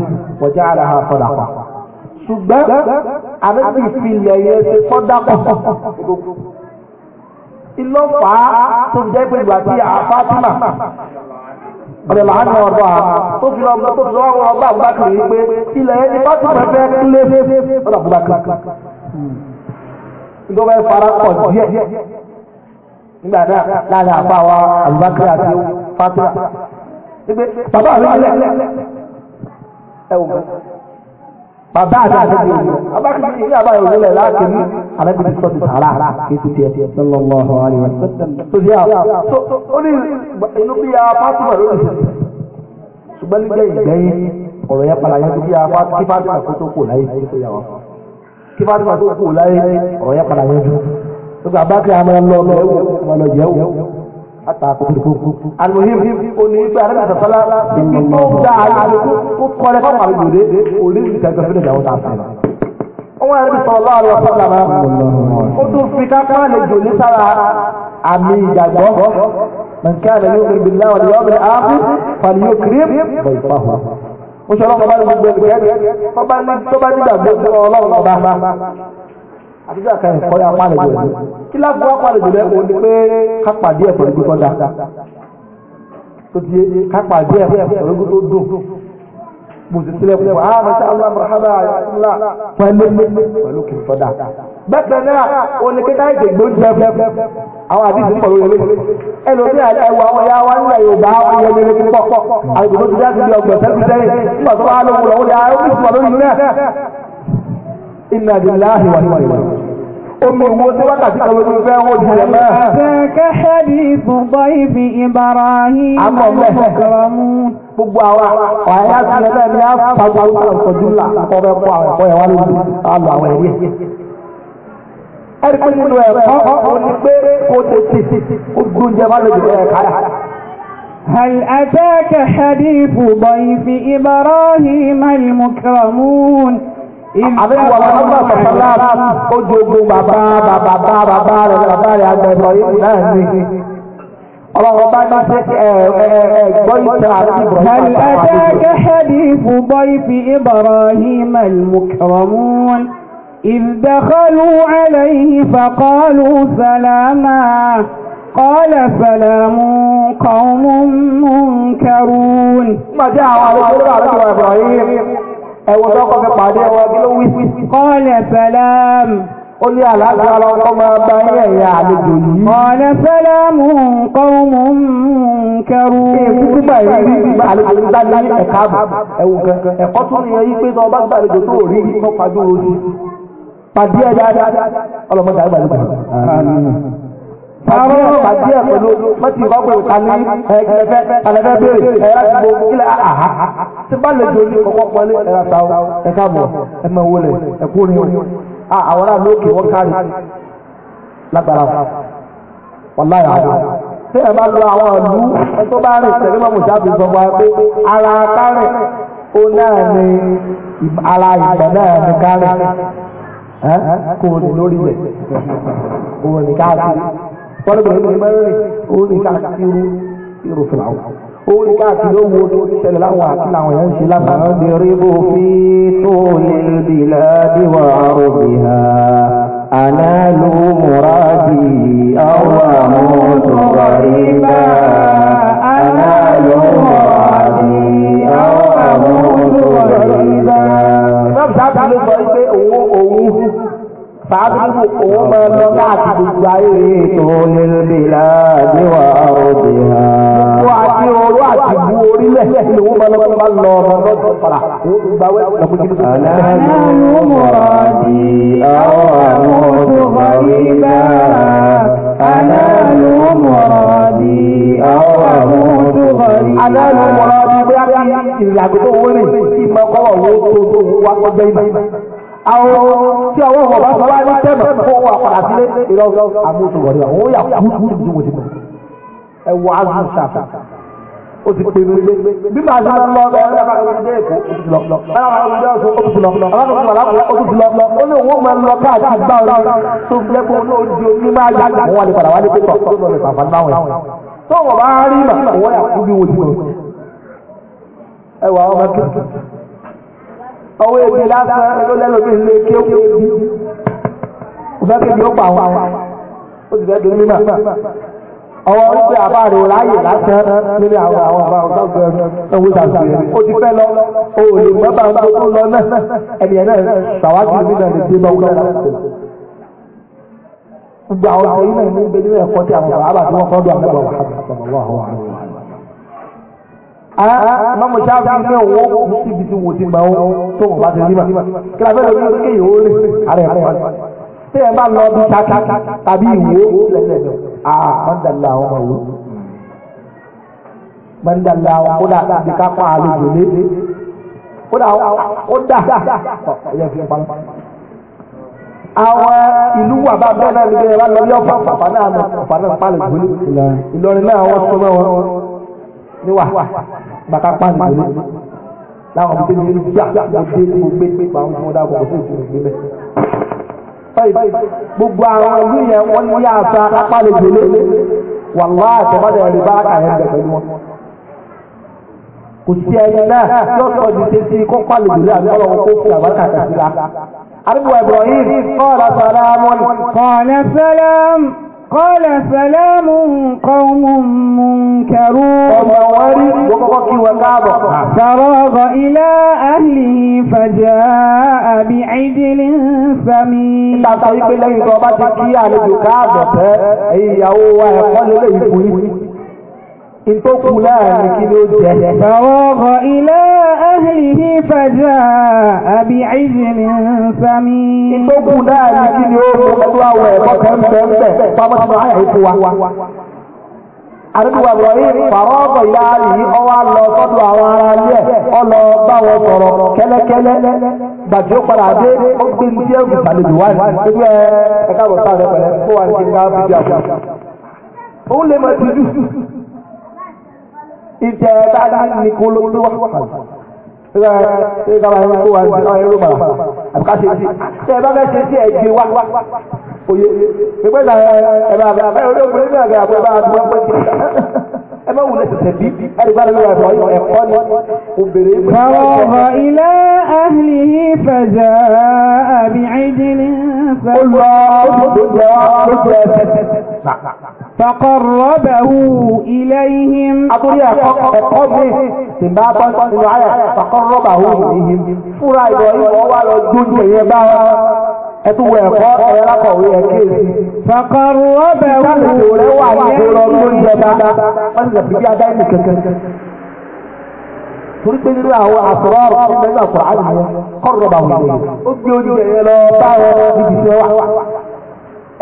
wọ̀já ara ha sọ̀dà pa. ṣùgbọ́n ànábì fi ilẹ̀ yẹn ṣe sọ́dà pọ̀ ìlọ́fà tó jẹ́ pé ìgbà tí àá Fátímà ọ̀rẹ́ màá ní ọ̀dọ́ a tó fi lọ tó fi lọ́wọ́ ọba àbúbákiri yìí pé ilẹ̀ ẹni bá ti pẹ́ fẹ́ kílé ọ̀dọ̀ àbúbákiri. Hmm. ìjọba ẹ fara pọ̀ díẹ̀ nígbà náà láàrin àpá wa àbúbákiri àti Fatima. bàbá mi lẹ̀ ẹ wò ó bàbá àti àtẹ̀jọ́ abákìtì ní àbáyọ̀ òwúlẹ̀ láti ní alábìtì sọ́ọ̀tì sàrà kéèkì tiẹ̀ tiẹ̀ sallallahu alaihi wasallam. tó ṣe àwọn tó ó ní inú bí a fásitì lórí ìṣẹ̀lẹ̀ ṣùgbọ́n nígbà ìgbẹ́yìn ọ̀rọ̀ yẹn padà yẹn tó bí a fásitì fásitì tó kò láyé kí fásitì tó kò láyé ọ̀rọ̀ yẹn padà yẹn tó. gbogbo abákìtì àmọ́ ẹ alimuhim onígbé arábìnrin sọsọlá ibi tó dá ayé kó kọrẹ fún àwọn ìlúde òní ìgbàgbọ́ fún ìyàwó tá a fẹ́. wọn yàrá bí sọlọ àlọ sọlá bá ó tún fi kápá lè jò ní sára àmì ìgbàgbọ́ nǹkan àlẹ yóò kiri mo ṣe ọlọ́run bá ní gbogbo ẹgbẹ́ tó bá ní gbàgbọ́ ọlọ́run ọba àdúgbò àkàrà ẹ̀kọ́ yà pa àlejò rẹ̀ kí láti wá pa àlejò rẹ̀ òun ni pé ká pàdé ẹ̀fọ́ ní gbígbọ́dá tó ti ká pàdé ẹ̀fọ́ ní gbígbọ́ allah marhaba allah pẹ̀lú pẹ̀lú kì í sọ́dà bẹ́ẹ̀ náà òun ni kíkà ètò ìgbóúnjẹ fẹ́ àwọn àdìsí pọ̀ lórí ẹlòmíà ẹwà àwọn ya wa nílẹ̀ yorùbá wọn yẹ lórí púpọ̀ àdìsí tó ti dá sí ọgbọ̀n sẹ́kùsẹ́yìn nígbà tó wà lóhùn lọ́wọ́ ni àwọn ìfúnpọ̀ lórí rẹ̀ iná bí láàyè wà níwájú omi ìwo tí wákàtí kan lójú هل أتاك حديث ضيف إبراهيم المكرمون àbẹ̀wò àlọ́mọ àtọ̀sọ́lá ó di ogun bàbá bàbá bàbá rẹ̀ bàbá rẹ̀ àgbẹ̀bọ̀ náà ní. Ọlọ́run bá ní ṣe gbọ́ ìtàn àti ìbọ̀rọ̀ ìpàdé. Àlùbáṣẹ́ hadifu bọ́ìfì Ibrahim al-Mukramun. إذ دخلوا عليه فقالوا سلاما قال سلام قوم منكرون. ما جاء على إبراهيم ẹ̀wọ̀n tó kọ́ fi pàdé ẹwà kí ló wí. kọ́lẹ̀ sẹ́lẹ̀m. ó ní àlàáfíà ọlọ́kọ́ máa bá ilẹ̀ ìyá àlejò yìí. kọ́lẹ̀ sẹ́lẹ̀m kọ́ọ̀mù kẹrù. èyí tí mà ń rí àlejò ní ẹ̀ka àbọ̀ ẹ̀wù kan. ẹ̀kọ́ tún ni ẹyí pé tó bá gbà àlejò tó rí tó fàájú ojú. pàdé ẹ̀ dáadáa ọlọ́mọdé àgbà àwọn pàdé ẹ̀ pẹ̀lú mọ́tì ìwà pẹ̀lú tani ẹ̀ẹ́dẹ́fẹ́ alẹ́fẹ́ bèrè ẹ̀rá ti bo kílẹ̀ àhà tí bá lè jòlè kọ́kọ́ pọ́lé ẹ̀rá ta ọ ẹ̀ka bọ̀ ẹ̀mẹ̀ wọlé ẹ̀kú ni wọn a àwọn ará lókè wọn kárì lágbára ọ̀la yà wọ́n. tí ẹ bá lọ àwọn ìlú tó bá rìn tẹ̀lé mọ́ mùsàbí sọ fún wa pé ara kárìn ó náà ní ara ìgbà náà ní kárìn kò ní lórí rẹ̀ òun ní káàkiri pọ́lọ́gbọ̀n ìlú mẹ́rin orin káàkiri irú fìlàwọ̀ orin káàkiri ó wo tó ṣẹlẹ̀ láwọn àti làwọn èèyàn ń ṣe lásán. ọ̀dẹ̀rẹ́bù fi tó lèbi láti wà òbí ha ànálù mùràdì àwọn àmọ́tò ràríbà ànálù mùràdì àwọn àmọ́tò ràríbà. sọ́ọ̀bù sábà ló sọ pé òun òun. Fàájú òun máa lọ láti gbogbo ayé ètò olèlébèlà níwà òde ha. Wọ́n àti oró àti bu orílẹ̀ ni òun máa lọ bá lọ ọmọ lọ́dún para. Àlàyé múra di àwọn àwọn ọdún wáyé bá. Àlàyé múra di àwọn àwọn ọdún wáyé bá. Àlàyé múra di bí a kí ìrìnàjò tó wọlé ìmọ̀ kọ́wọ̀ wo tó tó wá gbẹ́yìn àwọn tí àwọn ọmọ bá wá ní tẹ́mọ̀ fún wa padà sílé ìrọ̀ àmúṣùwọ̀dé yà kú ju mo ti ẹ wọ azù ṣàfà ó ti pè mí bí màá ṣe lọ lọ ẹ bá lọ sí èkó ó ti lọ bá lọ sí ọ̀ṣun ó ti lọ bá lọ sí ọ̀làkùnrin ó ti lọ ó ní òun máa ń lọ káàkiri gbá orí tó fúlẹ́kùn ní ojú omi máa yá àwọn wà ní padà wá ní pépà tó tó wọ̀ bá rí mà wọ́n yà ọwọ́ ebi lásán ló lẹ́lòmí ilé kí ó kébi òfẹ́kẹ́bi ó pa àwọn ó sì fẹ́ di mímọ̀ ọwọ́ wípé àbá rẹ̀ láàyè lásán nínú àwọn àwọn àbá ọ̀gá ọ̀gá ẹ̀wọ́ ìdàgbé ó ti fẹ́ lọ o ò lè mọ́bà tó tó lọ náà ẹni ẹ̀ náà sàwájú mi náà lè dé bá wọn náà gbogbo àwọn àwọn yìí náà ní ìgbẹ́ nínú ẹ̀kọ́ tí àwọn àbá tí wọ́n kọ́ dùn àmẹ́bà wà mọ́mú sáfì ní òwò kù síbi tí wò ti gbà ó tó wọ́n bá ti rí mà kí la fẹ́ lórí ní kéèyàn ó rè àrẹ ẹ̀kọ́ tí ẹ bá lọ bí kaka tàbí ìwò lẹ́lẹ́dọ̀ àà mọ́ndàlá àwọn ọmọ wò mọ́ndàlá àwọn kódà bí ká pa àlejò lé kódà ó dà ẹ̀yẹ fi pa àwọn ìlú wà bá bẹ́ẹ̀ náà nígbà yẹn wá lọ bí ọ̀fà ọ̀fà náà ọ̀fà náà pàlẹ̀ gbólé Ìlọrin náà wọ́n tó mọ́ wọn níwà bàtà pàdé lórí láwọn ọmọdé ní ìlú jà ọdẹ ní gbogbo pé àwọn tí wọn dá gbogbo fún ìtumọ̀ ìgbé mẹ. gbogbo àwọn ìlú yẹn wọn ní àṣà apálẹ̀ gbélé wàlá àtẹ̀bádẹ̀ rẹ̀ bá kàyẹ̀ bẹ̀ pẹ̀lú wọn. kò sí ẹni náà lọ́sọ̀ di ṣe sí kó pálẹ̀ gbélé àbí ọlọ́wọ́ kó fi àbáta kàtí la. àdúgbò Ibrahim kọ́ọ̀lá sàlámù. kọ́ọ̀lá sàlámù kọ́ọ̀lá sàlámù qawmun munkarun. فراغ إلى أهله فجاء بعجل سمين فراغ إلى أهله فجاء بعجل سمين àdúgbò Ibrahim fàrọ́ọ̀bọ̀ ìyá yìí ọ wá lọ sọ́dọ̀ àwọn ará ilé ẹ̀ ọ lọ sọ̀rọ̀ kẹ́lẹ́kẹ́lẹ́ padà dé ó gbé ní tí ẹ̀rù ìsàlejò wá ní ẹ̀ka sáà wà ní kí n bá fi lè ní kó ló wà oyè pípẹ́ náà ẹ̀bà àbẹ̀ olóògùn ní àgbẹ̀ àbẹ̀ bá àbẹ̀ wọ́n pẹ́ ẹ má wulẹ̀ tẹ̀tẹ̀ bí ẹ̀rí bá lórí àbọ̀ yìí ẹ̀kọ́ ni obìnrin. Fàwọ̀họ̀ ilé ahìlì fẹ̀jà àbí ìjìnlẹ̀ fẹ́. Ó lọ ó lọ ó jẹ ẹsẹ̀. فقربه إليهم أقول يا أقول تبا بطن فقربه إليهم فرا إبراهيم ووالا جنجي يبا ẹtú wọ ẹ̀kọ́ ẹ̀rá kọ̀wé ẹ̀kéèsì. Fàkọrọ bẹ̀ wù. Ìjáde rẹ̀ wà ní ọ̀rọ̀ tó ń jẹ dáadáa. Wọ́n ti sàbí bí adáyé kẹ̀kẹ́. Torí pé nínú àwọn àsọ̀rọ̀ ọ̀rọ̀ tó ń bẹ́ẹ̀ sọ̀rọ̀ àyè wọn, kọ́rọ̀ bá wù lè. Ó gbé ojú ẹ̀yẹ lọ bá wọn níbi tí wà.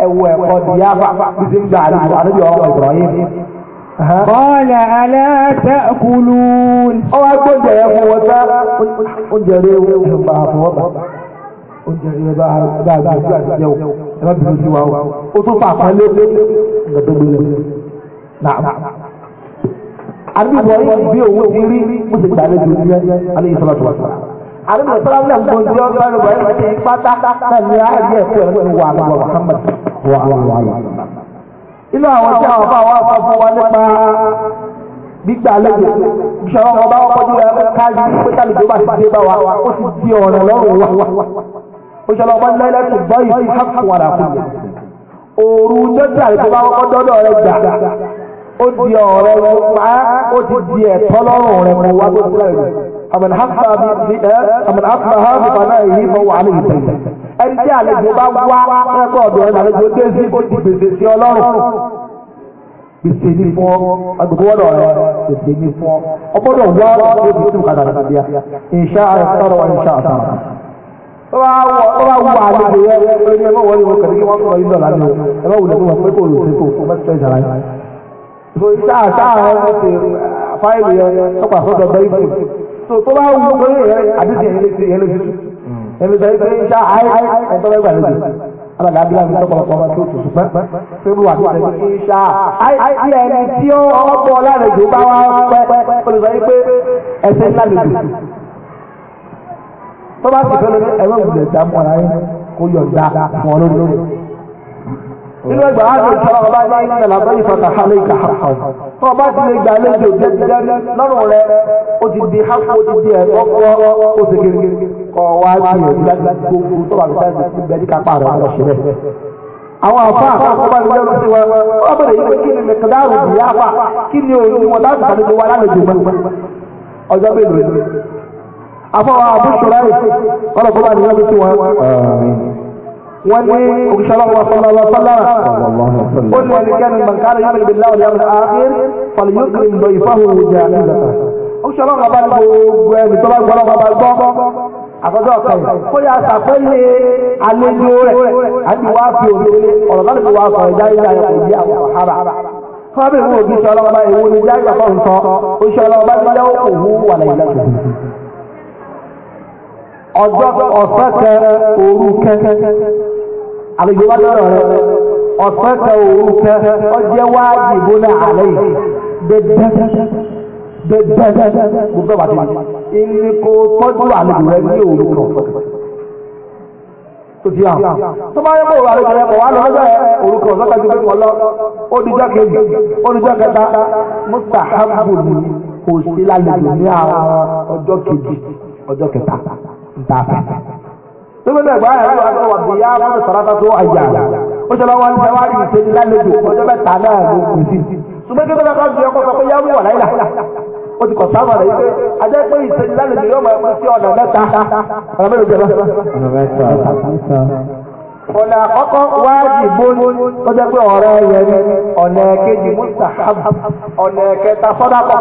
Ẹ wo ẹ̀kọ́ dìyàfà bí ti ń gba àlejò àlejò ọmọ yìí. Bọ́ọ̀lù aláṣẹ kulùún. Ó wá gbọ́dọ̀ ẹ̀kọ́ wọ́n sá oúnjẹ rẹ̀ wọ́n bá fọwọ́ bá oúnjẹ rẹ bá bá bá ojú àti jẹun ẹ má bínú sí wa o ó tún fà pálé nígbà tó gbélé náà. àdúgbò yìí bí òun ti rí mo sì gbàlejò ní alẹ́ yìí sọ́lá tó wà sọ́lá. àdúgbò sọ́lá náà gbọ́n jẹ́ ọ̀dọ́ ẹ̀rọ bọ̀ ẹ̀rọ ti pátá náà ní àárí ẹ̀kọ́ ẹ̀rọ ti wa nípa ti di ọ̀rọ̀ lọ́rùn wa òṣèlú ọba nílẹ̀ tó báyìí sí hákùn ara kù yẹn òru jẹ́jà rẹ̀ tó bá kọ́kọ́ dọ́dọ̀ rẹ̀ gbà ó di ọ̀rẹ́ rẹ̀ pa ó ti di ẹ̀tọ́ lọ́rùn rẹ̀ mọ̀ wá tó sílẹ̀ rẹ̀ àmì hàfà bí ẹ àmì hàfà ha bàbá náà yìí mọ̀ wà ní ìlú ẹni tí àlejò bá wá ẹgbẹ́ ọ̀dọ̀ rẹ̀ àlejò dé sí ó ti gbèsè sí ọlọ́run gbèsè ní fún agbègbèwọ́dọ̀ rẹ̀ gbèsè ní fún ọ ọgbọ́dọ̀ wá ọdún tó ti tún kàdà nàìjíríà ìṣá àìsàn wa ìṣá àtàrà ó bá wù àlejò yẹ ẹni ẹ bá wọlé wọn kàdé kí wọn sọ̀rọ̀ yìí dọ̀là ni ẹ bá wùlẹ̀ fún wọn pé kò lù sí kò bá ti tẹ̀ ìṣàlàyé. so sáà sáà wọn ti fáìlì yẹn tọpa sọ́dọ̀ bẹ́ẹ̀ bù so tó bá wù pé àdìsí yẹn lè fi ẹni sọ pé ṣá àyè ẹ̀tọ́ bẹ́ẹ̀ gbàlejò alága abúlé àti tọpọlọpọ ọmọ tó tutù pẹ pẹ̀lú àti tẹlifí ṣá àyè ẹni tí ó ọkọ lálejò bá wà pẹ pẹ̀lú sọ pé ẹsẹ ńlá lè dùn. tó bá ti fẹ́ lórí ẹ̀rọ ìgbẹ́ ìjà mọ́ra yín kó yọ̀ǹda lórí. ẹgbẹ́ ọba ha lè Tó ti lè gbà lọ́rùn rẹ̀, di ó di ó ti kọ́ wá sí gbogbo tó bá Àwọn wọn, afọwọ́ abúṣọlá yìí ọlọ́kọ́lá ni wọ́n fi tiwọn wọ́n ní òṣìṣẹ́lọ́wọ́ sọ́lọ́wọ́ sọ́lọ́wọ́ ó ní ẹnikẹ́ni mọ̀nkárì yóò bẹ̀rẹ̀ láwọn yàrá ààrin pọ̀lú yóò kiri ǹdọ̀ ìfọ́hùn ìjà nílẹ̀ òṣìṣẹ́lọ́wọ́ bá gbogbo ẹni tó bá gbọ́lọ́wọ́ bá gbọ́ àkọ́jọ́ ọ̀kan kó yà sàpẹ́lẹ̀ àlejò rẹ̀ àti wá fi òdòdó ọ̀rọ̀ láti fi wá sọ ìjà ìjà ìjà ìjà àwàhárà fábìlì òbí sọ́lọ́wọ́ bá ewu ní ìjà ìjà fọ́hùn sọ òṣìṣẹ́lọ́wọ́ bá gbọ́lọ́wọ́ òhun wà lẹ́yìn lẹ́yìn ọjọ́ ọ̀sán kan òru kan àlejò bá dọ̀rọ̀ rẹ ọ̀sán kan òru kan ọjẹ́ wá dìbò náà àlẹ́ yìí dẹ́dẹ́ dẹ́dẹ́ kejì ni kò sí lálejò ní àwọn ọjọ́ kejì ntaafa tóbi bẹ́ẹ̀ gbọ́ àyàwó àti wà bí yá fún sọ̀rọ̀ta tó àyà ó ṣe lọ́wọ́ ní ẹwà yìí ṣe ní lálejò ọjọ́ mẹ́ta náà ló kù sí ṣùgbọ́n kí bẹ́ẹ̀ bá fi ọkọ̀ sọ pé yá wù wà láyìlá ó ti kọ̀ sáwọn rẹ̀ yìí pé ajẹ́ pé ìṣe ní lálejò yóò máa fún sí ọ̀nà mẹ́ta ọ̀nà mẹ́ta jẹ́ ọ̀nà àkọ́kọ́ wájìbó tó jẹ́ pé ọ̀rẹ́ yẹn ọ̀nà kejì mustahab ọ̀nà kẹta sọ́dákọ̀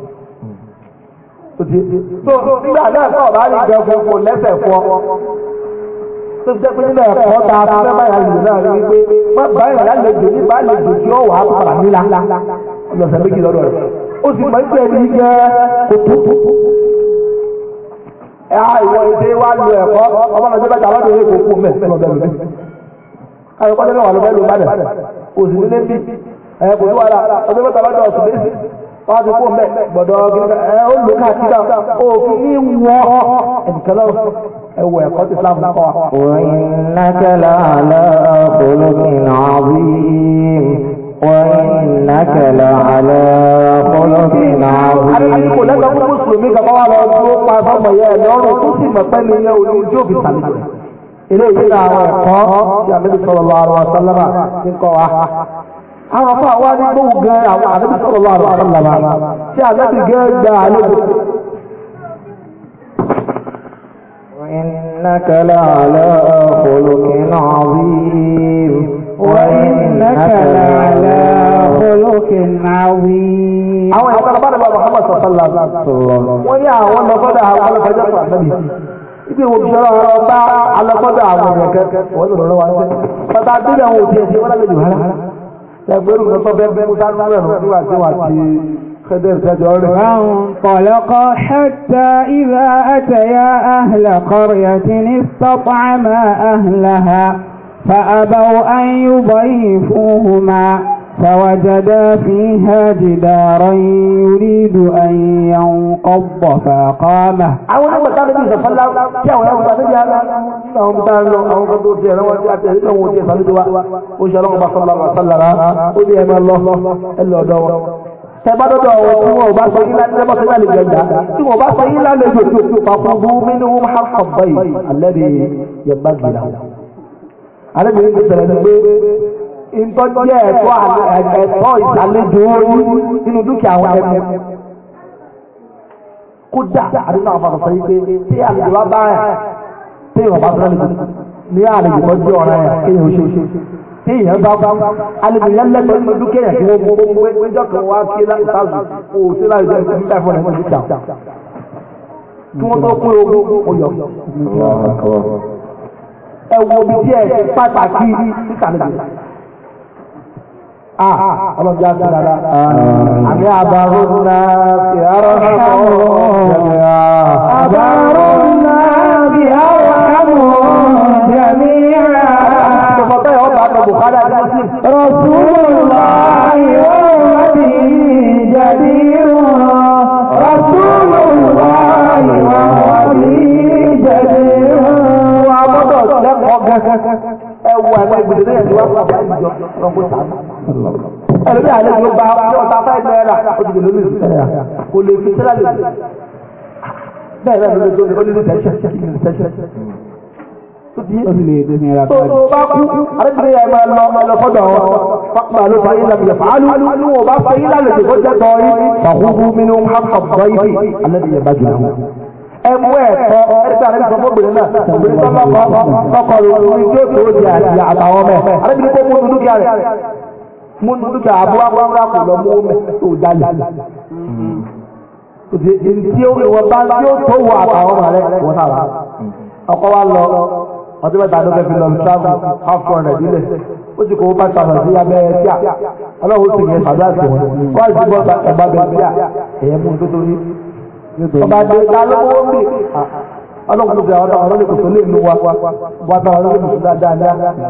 so nígbà náà tó ọba rí gan fún kò lẹ́sẹ̀ fún ọ tó jẹ́ pé nílẹ̀ ẹ̀kọ́ ta fẹ́ báyà lù náà rí wípé má báyà lálejò ní báyàlejò tí ó wà á padà nílá lọ́sẹ̀ méjì lọ́dọ̀ rẹ̀ ó sì mọ̀ nípa ẹni gẹ́ kó tó ẹ̀ á ìwọ ìdè wa lu ẹ̀kọ́ ọmọ náà débẹ̀ta lọ́dọ̀ eré kò kú mẹ́ lọ́dọ̀ lómi ayọ̀kọ́ tẹ́lẹ̀ wà lọ́dọ̀ lómi òsì nílé bí ẹ̀kọ́ tó wà lá ọdún mẹ́ta lọ́dọ̀ ọ̀sùn wọ́n á ti kó mbẹ́ gbọ́dọ̀ ẹ ó lò káàkiri òfin ní wọ́ ẹnìkan lọ́wọ́ ẹwọ ẹ̀kọ́ ti sáà fún wa. وإنك لعلى خلق عظيم وإنك لعلى خلق عظيم. àti kò lẹ́gbẹ̀ẹ́ fún mùsùlùmí kankan wà lọ dúró pa fọmọ yẹ ẹ lọ́rùn tó sì mọ̀ pẹ́lú ilé òní ojú sàmì. ilé ìgbésẹ̀ àwọn ẹ̀kọ́ tí sọ̀rọ̀ lọ́wọ́ àrùn àṣálẹ́mà àwọn afọ àwọn adigun gan àwọn àdébí sọ̀rọ̀ lọ́wọ́ àwọn afọ lọ́wọ́ tí àdébí gan gba àlejò. وإنك لعلى خلق عظيم وإنك لعلى خلق عظيم àwọn ìyàwó alábàdàn bá Muhammad sọ̀tàlá wọ́n àwọn ọlọ́fọ́dà àwọn ọlọ́fọ́dà fún àbẹ́bí ibi ìwò bìṣẹ́ ọ̀rọ̀ ọba wọ́n lọ́rọ̀ wá sí wọ́n lálejò ẹgbẹ́rún kan tó bẹ́ẹ̀ mú dánú rẹ̀ lọ síwá sí wà sí kẹ́dẹ̀ ìṣẹ́jọ rẹ̀. Báwọn pọ̀lọ́kọ́ ṣẹ́ta ìlà àtẹ̀yà àhìlà kọ̀rìyà tí ní sọ́pọ̀ àmà àhìlà ha. فأبوا أن يضيفوهما فوجدا فيها جدارا يريد أن ينقض فقامه أو أن تقضي تصلى كيف يصلي على أنهم تعلوا أو قدوا في رواة أتهلهم وفي صلوا وشرهم صلى الله عليه وسلم وديهم الله إلا دور tẹ́gbádọ́dọ̀ àwọn tí wọ́n bá sọ yín lálẹ́ bá sọ yín lálẹ́ gbẹ̀dá tí wọ́n bá sọ yín lálẹ́ jòjò pàfọ́bù mínú hàkàn báyìí alẹ́ bíi yẹn bá gbìyànjú. alẹ́ bíi ń gbèsè rẹ̀ ní pé ìtọ́jú ẹ̀tọ́ ẹ̀tọ́ ìgbàlejò orí nínú dúkìá àwọn ẹ̀mí. kódà àdínà àwọn àfàkọ́sọ yìí pé tí àlejò bá bá ẹ̀ tí ìwọ̀n bá fẹ́ lè ní àlejò kan jẹ́ ọ̀ràn ẹ̀ kéèyàn ṣe ṣe tí ìyẹn bá bá àlejò yẹn lẹ́tọ̀ọ́ nínú dúkìá yẹn kí wọ́n gbogbo gbogbo ẹjọ́ kan wá kí láti sáàzù kó o sí láti jẹ́ ìgbà fún ẹ̀mọ́ ìjà kí wọ́n tó pín ogun ọyọ̀ ẹ wo ibi tí ẹ pàtàkì níta níta ọlọ́jà ti dada. àmì àbárò náà fi àrọ́ náà àbárò náà fi àrọ́ náà jẹ̀mí rà. Sọ̀tọ̀ yóò ẹlòmí àlẹ́ ló gba ọ̀tá five naira òdìdè lórí ìsìnkẹ́yà kò lè fi tẹ́lá lè bẹ́ẹ̀ bẹ́ẹ̀ ló lè tó lè ó nílò máa lọ ọmọ lọ́kọ́dọ̀ wọn tí ó tó di àtàwọn ọmọ ẹ̀ àrẹ́bìnrin tó mú dúdú kí mo ní dúkìá abu àbúrò kò lọ mú mẹ tó jalè tí ó wọ bá tí ó tó wọ àtàwọn ọmọ rẹ wọn náà ọkọ wa lọ ọdún mẹ́ta ló fẹẹ fi lọ sáàbù afọ rẹ nílẹ̀ ó sì kó bá sàmà sí abẹ tíà Ọlọ́run sì yẹn sàdá sí wọn wọn àti bọ ẹgbà bẹ tíà ẹyẹ mú tó torí ọba dé ta ló wọ́n mi Ọlọ́run ló fi àwọn ọlọ́run kò tó lè nu wa wa ta ọlọ́run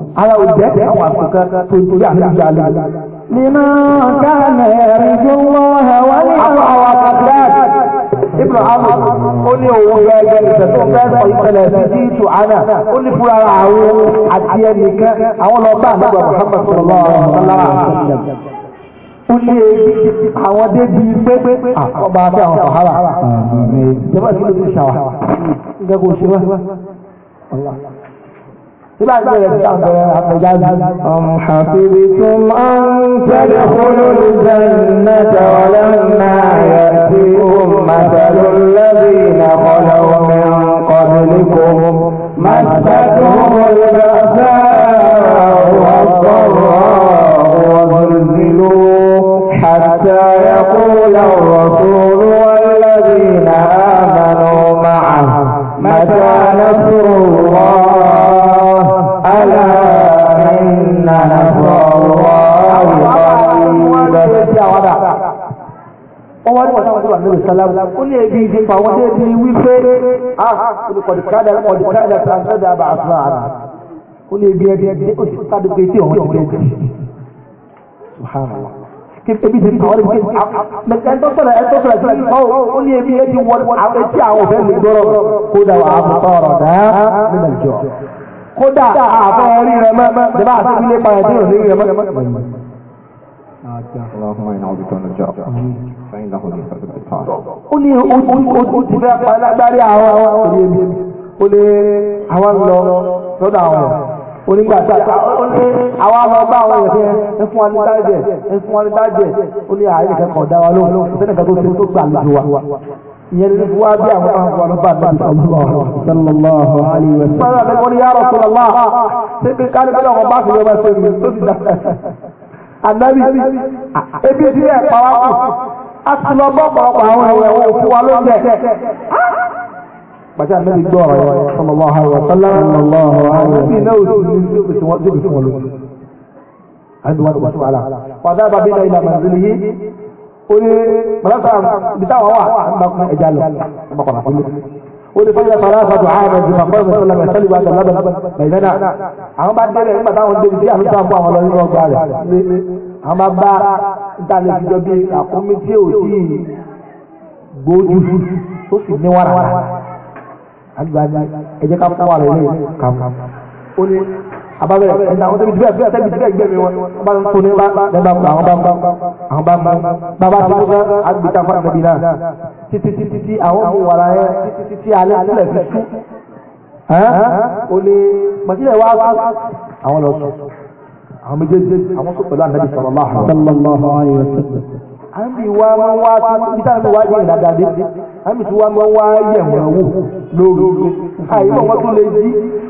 ara ò jẹ́ àwọn àkùnkà tó ń torí àmì ìjàlè. nínú káàmì ẹ̀rìn tó wọ́ ẹ̀wọ́ ní àwọn àwọn àkùnkà ibùdó àmọ́ ó ní òun gẹ́gẹ́ ìṣẹ̀tọ́ fẹ́ sọ ìṣẹ̀lẹ̀ sí sí ìtù àná ó ní fúra àwọn àti ẹnìkan àwọn lọ bá àgbà Muhammad sallallahu alaihi wasallam ó ní àwọn débi pé ọba àti àwọn sàhárà ìjọba ìṣẹ̀lẹ̀ ti ṣàwà gẹ́gẹ́ bó ṣe wá. حفظتم أن تدخلوا الجنة ولما يأتيكم مثل الذين خلوا من قبلكم مستهم البأس iná nàbọ̀ wọ́n wá ní wọ́n sáwọn ìwàlú ìsàlámù ó ní ẹbí ìdí pa wọ́n débi wípé ah olùkọ̀dùkádà olùkọ̀dùkádà tàǹtàdà àbàfà ó ní ẹbí ẹbí ẹbí ó ti sáré pé tí òun ìwọ̀n ẹbí subhanallah ebi ti tọ́ ọ́ ẹ tó sọ̀rọ̀ ẹ tó sọ̀rọ̀ ó ní ebi ẹbí wọ́n àwọn etí àwọn òfẹ́ mi gbọ́rọ̀ kó dà wà á fọ́ ọ̀rọ̀ dáa nínú ìjọ kódà àfọ orí rẹ mọ́ bẹ́ẹ̀ àti ilé pààyàn tí ò ní rẹ mọ́. ó ní o ti fẹ́ pa lágbárí àwọn òye mi ó lé àwọn lọ lọ́dọ̀ àwọn onígbà tí àwọn ọmọ ọgbà àwọn èèyàn fẹ́ ẹ fún wa ní dájẹ ẹ fún wa ní dájẹ ó ní àárín ìkẹ́kọ̀ọ́ dá wa lóhùn ìfẹ́ tó ti tó gbà lójú wa. يلف وابي أبو ربان sallallahu alayhi wa sallam. Bọ́lá mi kò ní yàrá sọ̀rọ̀ láà. Ṣébi ká ní bílọ̀ ọba kìí ọba ṣe mi tó ti dà. Ànábì ebi ti ẹ̀ pa wá kù. A ti lọ bọ́ pọ̀lọpọ̀ àwọn ẹ̀wẹ̀ ẹ̀wẹ̀ òfin wa ló ń bẹ̀. Bàtà Ànábì gbọ́ ọ̀rọ̀ yẹn sallallahu alayhi wa sallam. Sallallahu alayhi wa sallam. Ànábì náà ò sí ní ṣébi tí wọ́n lò. Àdùn wa ti wà sí wàhálà. Wàdà bàbí náà ilà màzìlì yìí ó ní mọ̀lásà bìtá wà wà àgbàkùn ẹja lọ àgbàkùn àti ilé. ó ní fẹ́lẹ́ fara fàtó ààrẹ ìgbà fọ́ọ̀rọ̀ mẹ́sàn-án lọ́mọ ìṣẹ́lẹ̀ ìwà àtàlà bẹ̀rẹ̀ náà. àwọn bá délé nígbà táwọn débi tí àmì sáà fún àwọn lọ́yìn ọgbà rẹ̀ ní àwọn bá bá ìtàlẹ̀ ìjọ bí àkómi tí ò tí ì gbójú tó sì ní wàrà àgbà ẹ̀jẹ̀ ká fún wàrà ilé kàmú. ó ní ababẹrẹ ẹnna àwọn tẹbi tibẹ tẹbi tibẹ gbẹmí wọn bá ń tóni bá nígbà kúrò àwọn bá ń bá àwọn bá ń bá bàbá tó ń bá agbèjà fún àgbẹbí náà títí títí tí àwọn mú wàrà yẹn títí títí alẹ́ sílẹ̀ fi tú ó ní màtílẹ̀ wá wá àwọn lọ sùn àwọn méjèèjì àwọn sọ pẹ̀lú ànábì sọ̀rọ̀ máa hàn. àmì wa máa ń wá sí ibi táwọn wá yẹ ìdàgàdé àmì tí wa máa ń wá yẹ̀ wọ̀n wò lórí àyè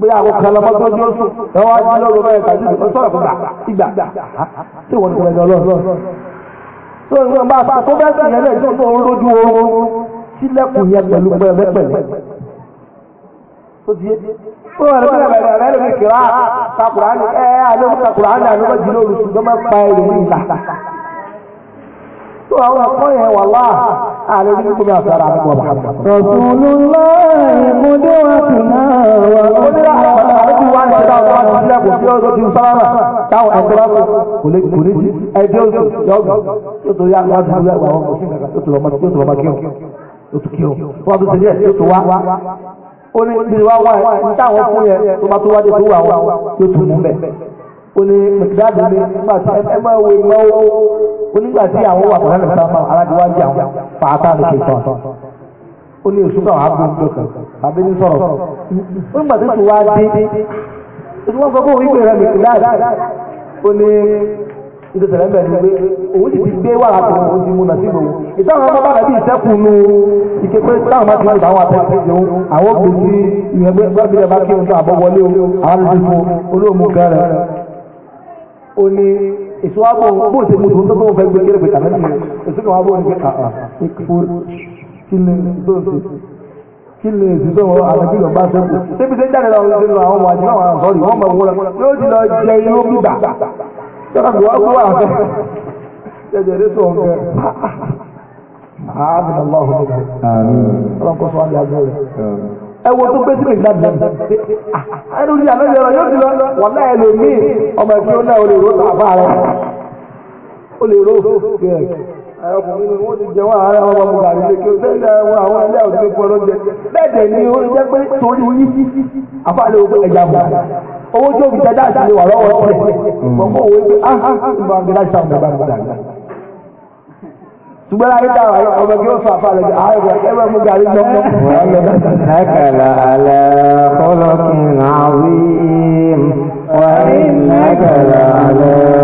pé àwọn kan lọ́mọ tó jó sùn ẹ̀wọ́n á jí lọ́rùn mẹ́rin tàbí ìgbà sọ̀rọ̀ fún ìgbà tí wọ́n ti wọ́n ẹ̀jọ̀ lọ́rùn. tó ń gbọ́n bá a tó bẹ́ẹ̀ sì yẹn lẹ́yìn tó tó ń lójú oorun sílẹ̀kùn yẹn pẹ̀lú pẹ̀lẹ́pẹ̀lẹ́. ó rẹ̀ bẹ́ẹ̀ bẹ̀rẹ̀ rẹ̀ lè kíra kakùrán ẹ̀ àdéhùn kakùrán àdéhùn tó àwọn ẹ̀kọ́ yẹn wà láà ààrẹ ní kí gómìnà sára àti bọ̀bà. Rasulullah ìmúdé wa ti náà wà ó ní àwọn ọ̀dọ́ ọ̀dọ́ àti ilẹ̀ kò sí ọ̀dọ́ ti ń sára táwọn ẹ̀kọ́ bá kò lè kò ó ní bí wá wá ẹ̀ táwọn fún yẹn tó bá tó wá dé tó wà wá tó tó mú bẹ̀ ó ní mẹ̀kídáàdì ní nígbà tí ẹ máa wo ìgbà onígbà tí àwọn wà pẹ̀lú sábà aládìwájú àwọn fàáta ní kẹsàn ó ní oṣù náà àbúrò ìjọba tàbí ní sọ̀rọ̀ onígbà tó ti wá dé oṣù wọn sọ fún òun rẹ mi kíláàsì ó ní ìdòtẹ̀lẹ̀ bẹ̀rẹ̀ ni pé òun sì ti gbé wàhálà tó ń di múnà sí òun ìtàwọn ọmọ bàbá bíi ìṣẹ́kùn nu ike pé táwọn bá ti ń báwọn àtẹ̀sí òun àwọn òbí sí ìyẹn pé gbàgbé bá kí n tó o àwọn àlejò fún ó ní èso wa bò bó ṣe mo tó tó fẹ́ gbé kéré pé tàbí ẹni èso kan wa bò ní ah, ah, kẹka ẹkú kí ni tó ṣe kí ni ìṣiṣẹ́ wọn àgbẹ̀bí lọ bá ṣe kù débi ṣe ń jáde lọ sí inú àwọn wàjú àwọn àǹsọ́rì wọ́n mọ̀ wọ́n yóò ti lọ jẹ inú bíbà yóò fi wá kú àṣẹ jẹjẹ rẹ tó ń fẹ́ ààbùn ọlọ́run ọlọ́run kó sọ wá ní agbẹ́rẹ́ ẹwọ tó gbé sílẹ̀ ìgbàgbọ́ ah, ẹnu ní àná yẹrọ yóò ti lọ wọ́n náà ẹ lè mí ọmọ ẹ̀fí ọ̀nà ò lè ro bàbá rẹ̀ ó lè ro bẹ́ẹ̀ ọkùnrin ni wọ́n ti jẹ wọ́n àárẹ̀ ọmọ ọmọ gàrí lè kí ó sẹ́yìn àwọn àwọn ilé àwọn ìgbẹ́ fún ọlọ́jẹ bẹ́ẹ̀ dẹ̀ ni ó jẹ́ pé torí yí àfàlẹ́ ogun ẹ̀jà bọ̀ owó tó fi jẹ́ lè wà lọ́wọ́ ọ̀rẹ́ mọ̀ òwe pé áhà ìgbà ń gbé láti àwọn ìgbà ń gbé ṣùgbọ́n láyé dáwà yọ ọmọ kí ó fà fà lọ́jọ́ àárọ̀ ẹgbẹ́ mú gàrí gbọ́ngbọ́. Ẹ̀kẹ̀lá alẹ́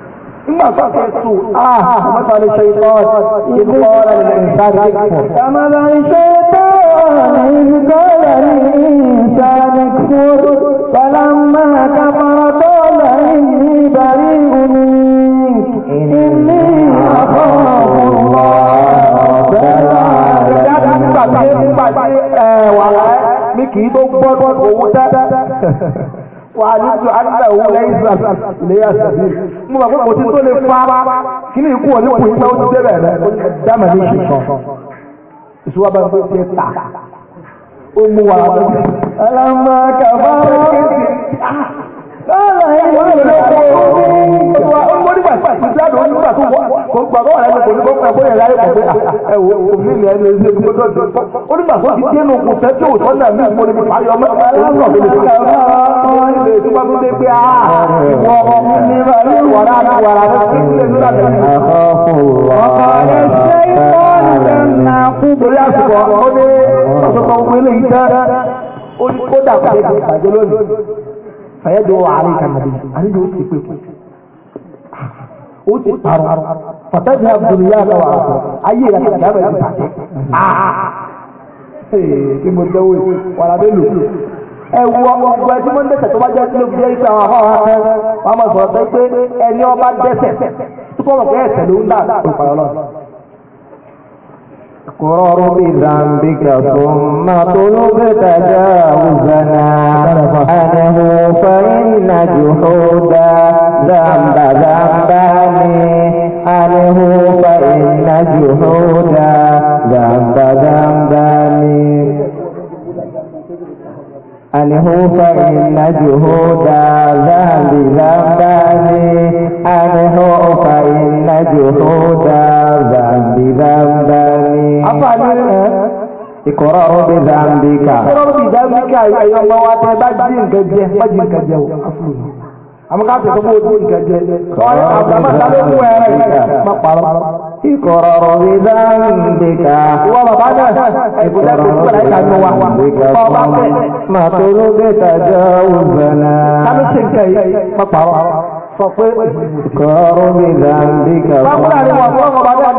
ثم فقدت آه مثل الشيطان إذ قال للإنسان اكفر كمثل الشيطان إذ قال للإنسان اكفر فلما كفر قال إني بريء منك إني أخاف الله Ní kìí tó gbọ́dọ̀ òun dáadáa wàhálùtù àdáwò lẹ́yìnsà lẹ́yàsà ní. mo bàbá kò tí tó lè fa kí ni ikú wọn ní kò ìgbà ojú débẹ̀ rẹ̀ dáàmà ní ìṣe kan. ìṣúwà bá ń pè é ó mú wa lọ. alámà kàfà rẹ̀ báwo ni wọ́n lè lọ́wọ́ nígbà tí ìsìláàdù wọn nígbà tó wọ́n gbà bọ́ ọ̀rẹ́ kò ní kó pẹ́ bóyá láyé kò pé ẹ wò ó mi lè lè ṣe kó tó dùn. ó nígbà tó ti dénú kò tẹ́ tí òótọ́ náà ní ìmọ̀ níbi ayọ̀ mọ́ ìlú ọ̀gbìn níbi Olùkọ́dà kò lè bàjẹ́ lónìí. Fẹ̀yẹ́ dùn wà á ní kàmàdì, àníjọ́ ó ti pè kù ó ti parọ́ fọ̀tẹ́sì àbùdùnú yá lọ́wọ́ àbọ̀ ayé rẹ̀ kàkà bẹ̀rẹ̀ ti bàjẹ́ ah! kí mo dẹ́wọ́ yìí wàrà bẹ́ẹ̀ lò ẹ wọ ọgbọ ẹtí mo ń dẹ́ṣẹ̀ tó bá jẹ́ kíló bíi ẹyíṣẹ àwọn afọ àwọn afẹ wọn máa sọ̀rọ̀ pé pé ẹni ọba dẹ́ṣẹ̀ tó kọ́ ọ̀pẹ ẹ̀ṣẹ̀ ló ń dà ló pa ọlọ́run. قرر بذنبك ثم طلب تجاوزنا عنه فإن جحودا ذنب ذنبان عنه فإن جهود ذنب ذنبان عنه فإن جهود ذنب ذنبان عنه فإن جهود ذنب ذنبان أفعل إقرار بذنبك إقرار بذنبك أيها الله وتبدل قد جه بجل قد جو أصلها àmọ́ ká tètè mú ojú ìkẹjẹ sọ́ọ́yẹ́ àbúrámà sáré mú ẹ̀rẹ́ ìkẹ́ má parọ́. Ìkọ̀rọ̀rọ̀ mi bá ń bè ká. Ìwọ bàbá náà, ìbùdó tó kúrò láìka ní wa. Ọba bẹ̀. Màtòló bẹ̀ tàjà òun bẹ̀ náà. Kámi ṣe ń kẹ́ yìí, má parọ́ sọ pé kọ́rọ́ mi là ń bí kàwé. bákan náà ni wọ́n fọ́ ọmọ bàbá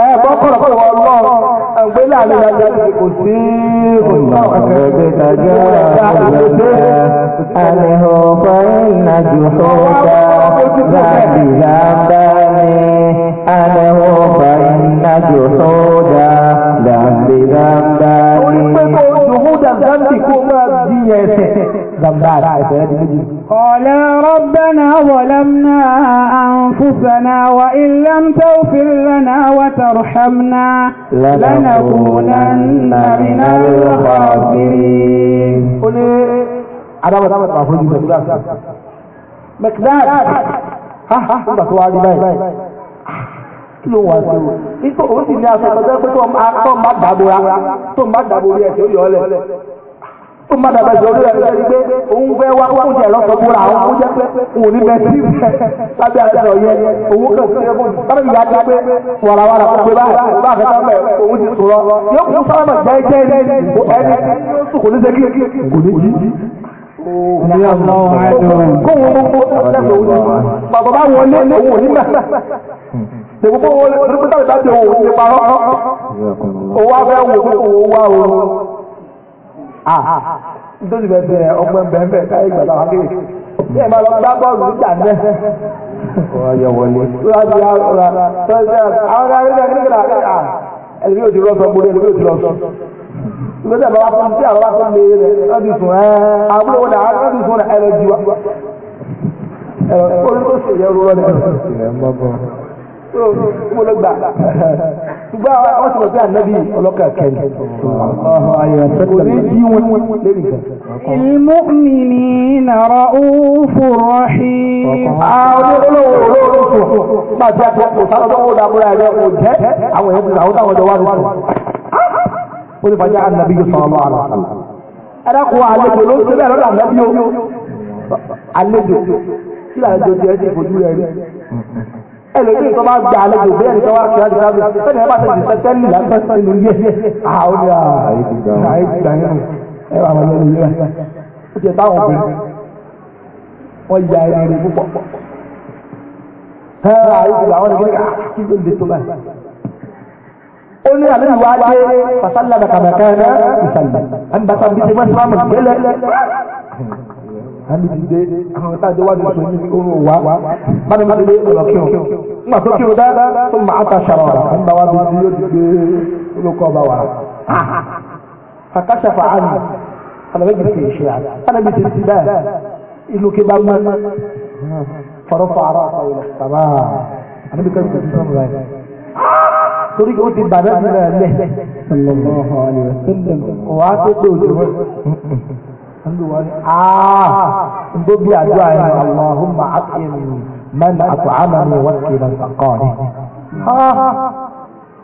ẹ bọ́ kọ́rọ̀ kọ́rọ̀ wọ́n lọ ẹgbẹ́ láàrin ìrìnàjò àti kò sí òṣìṣẹ́ ọ̀kẹ́. ẹgbẹ́ tajà àgbẹ̀dẹ àlehò fẹ́ẹ́nà jù hóga láti lábá ní àlehò fẹ́ẹ́nà jù hóga láti lábá ní. orí pé kò dùn mú dàgbà ń bì kó máa níyẹ ẹsẹ̀ gbàgbà ẹsẹ̀ rẹ̀ méjì. Qala rabbana zalamna anfusana wa illam taghfir lana wa tarhamna lanakunanna minal khasirin. Ó ní adábàdábà tó àforíjì pẹ̀lú àṣà. Mẹ̀kídáàd nígbà tó wá rí báyìí. Kí ló wà sí o? Ipò òun sì ní aṣọ ọ̀sẹ̀ pé tó máa dàbò ra, tó máa dàbò rí ẹ̀sẹ̀ ó yọ ọ́ lẹ̀ ó má dàgbà jọ lórí ẹ̀rọ ẹ̀rí pé òun fẹ́ wá kó jẹ lọ́sọ̀ fúnra àwọn kó jẹ́ pé òun ní bẹ́ẹ̀ sí ìfẹ́ lábẹ́ àtẹ̀rọ yẹn òun kàn sí ẹ̀fọ́ bábẹ́ ìyá jẹ́ pé wàràwàrà kò pé báyìí bá fẹ́ sábẹ́ òun ti sọ̀rọ̀ yóò kún sábà jẹ́jẹ́ ẹni kò ní ṣe kí kò ní jí. Kóhun gbogbo ẹgbẹ́ òun ni bàbá bá wọlé òun ò ní mẹ́ tẹ̀gbọ́n wọn ní pẹ́tàlì bá tẹ̀ òun ní parọ́ òun wá fẹ́ wò ó wá òun. Ah, nítorí bẹ̀bẹ̀ ọgbẹ́ bẹ̀bẹ̀ táyé ìgbàlá wa kéèké bí ẹ̀ máa lọ gbá bọ́ọ̀lù níjà náà. ọ̀yọ̀ wọlé. láti ara tọ́jú àwọn arìnrìn àti nígbà ẹ̀lẹ́bí òjò lọ́sọ̀ gbogbo ẹ̀lẹ́bí òjò lọ́sọ̀. ìgbésẹ̀ bá wá fún tí àwọn bá fún lé rẹ̀ lọ́dún tó mo lọ gbà ṣùgbọ́n àwọn àwọn sọ̀rọ̀ sí ànábì ọlọ́kà kẹ́lì kò ní bí wọn lérí kan. المؤمنين رؤوف رحيم. àwọn olówó olówó sùn máa ti àti ọ̀sán ọlọ́wọ́ dàbúrà rẹ̀ ò jẹ́ àwọn èèyàn àwọn táwọn ọjọ́ wà lóṣù. ó ní fàájà ànábì yóò sọ̀rọ̀ lọ́wọ́ àlọ́ àlọ́. ẹ̀rẹ́kùn àlejò ló ń ṣe bẹ́ẹ̀ lọ́dọ̀ ànábì yóò àlejò kí làlejò jẹ́ ti fojú rẹ̀ rí ẹlòmíì tó bá gba àlejò bẹ́ẹ̀ ni káwá kíá kíá bí sẹ́ni ẹ bá tẹ̀sí sẹ́tẹ́lì lásán nínú yé àwọn ní àyè ti gbà yín ẹ bá wọn lórí yẹn ó ti táwọn obìnrin wọn ya ẹni púpọ̀ ẹ àyè ti gbà wọn ní kí ló dé tó báyìí. ó ní àlejò wa dé fasálà kàmẹ́kẹ́ náà ìsàlẹ̀ ẹ̀ ń bá bí ṣe máa àmì dìde àwọn ìtajọ wájú ìṣòro ní oorun wá báni bá dé ọ̀rọ̀ kí wọn. nígbà tó kí wọn dáadáa tó máa ta ṣàrọ̀ ọ̀rọ̀ àwọn bá wá bí i yóò dìde olókọ́ ọba wàrà. kàkàṣàfà àmì àlọ́wé jù kì í ṣe àná àlọ́wé jù ti bẹ́ẹ̀ inú kí bá mú fọ̀rọ̀ fọ̀rọ̀ àtàwọn ìlànà àbí kẹ́kẹ́ tó sọ̀rọ̀ rẹ̀. torí kí ó ti bàbá mi rẹ̀ lẹ̀. wàá tó pé òjò gbogbo àdúrà yẹn Allahumma àtìmù mẹ́ni àtọ̀hámẹ́ni wọ́sì náà sàkọ́ọ̀ni.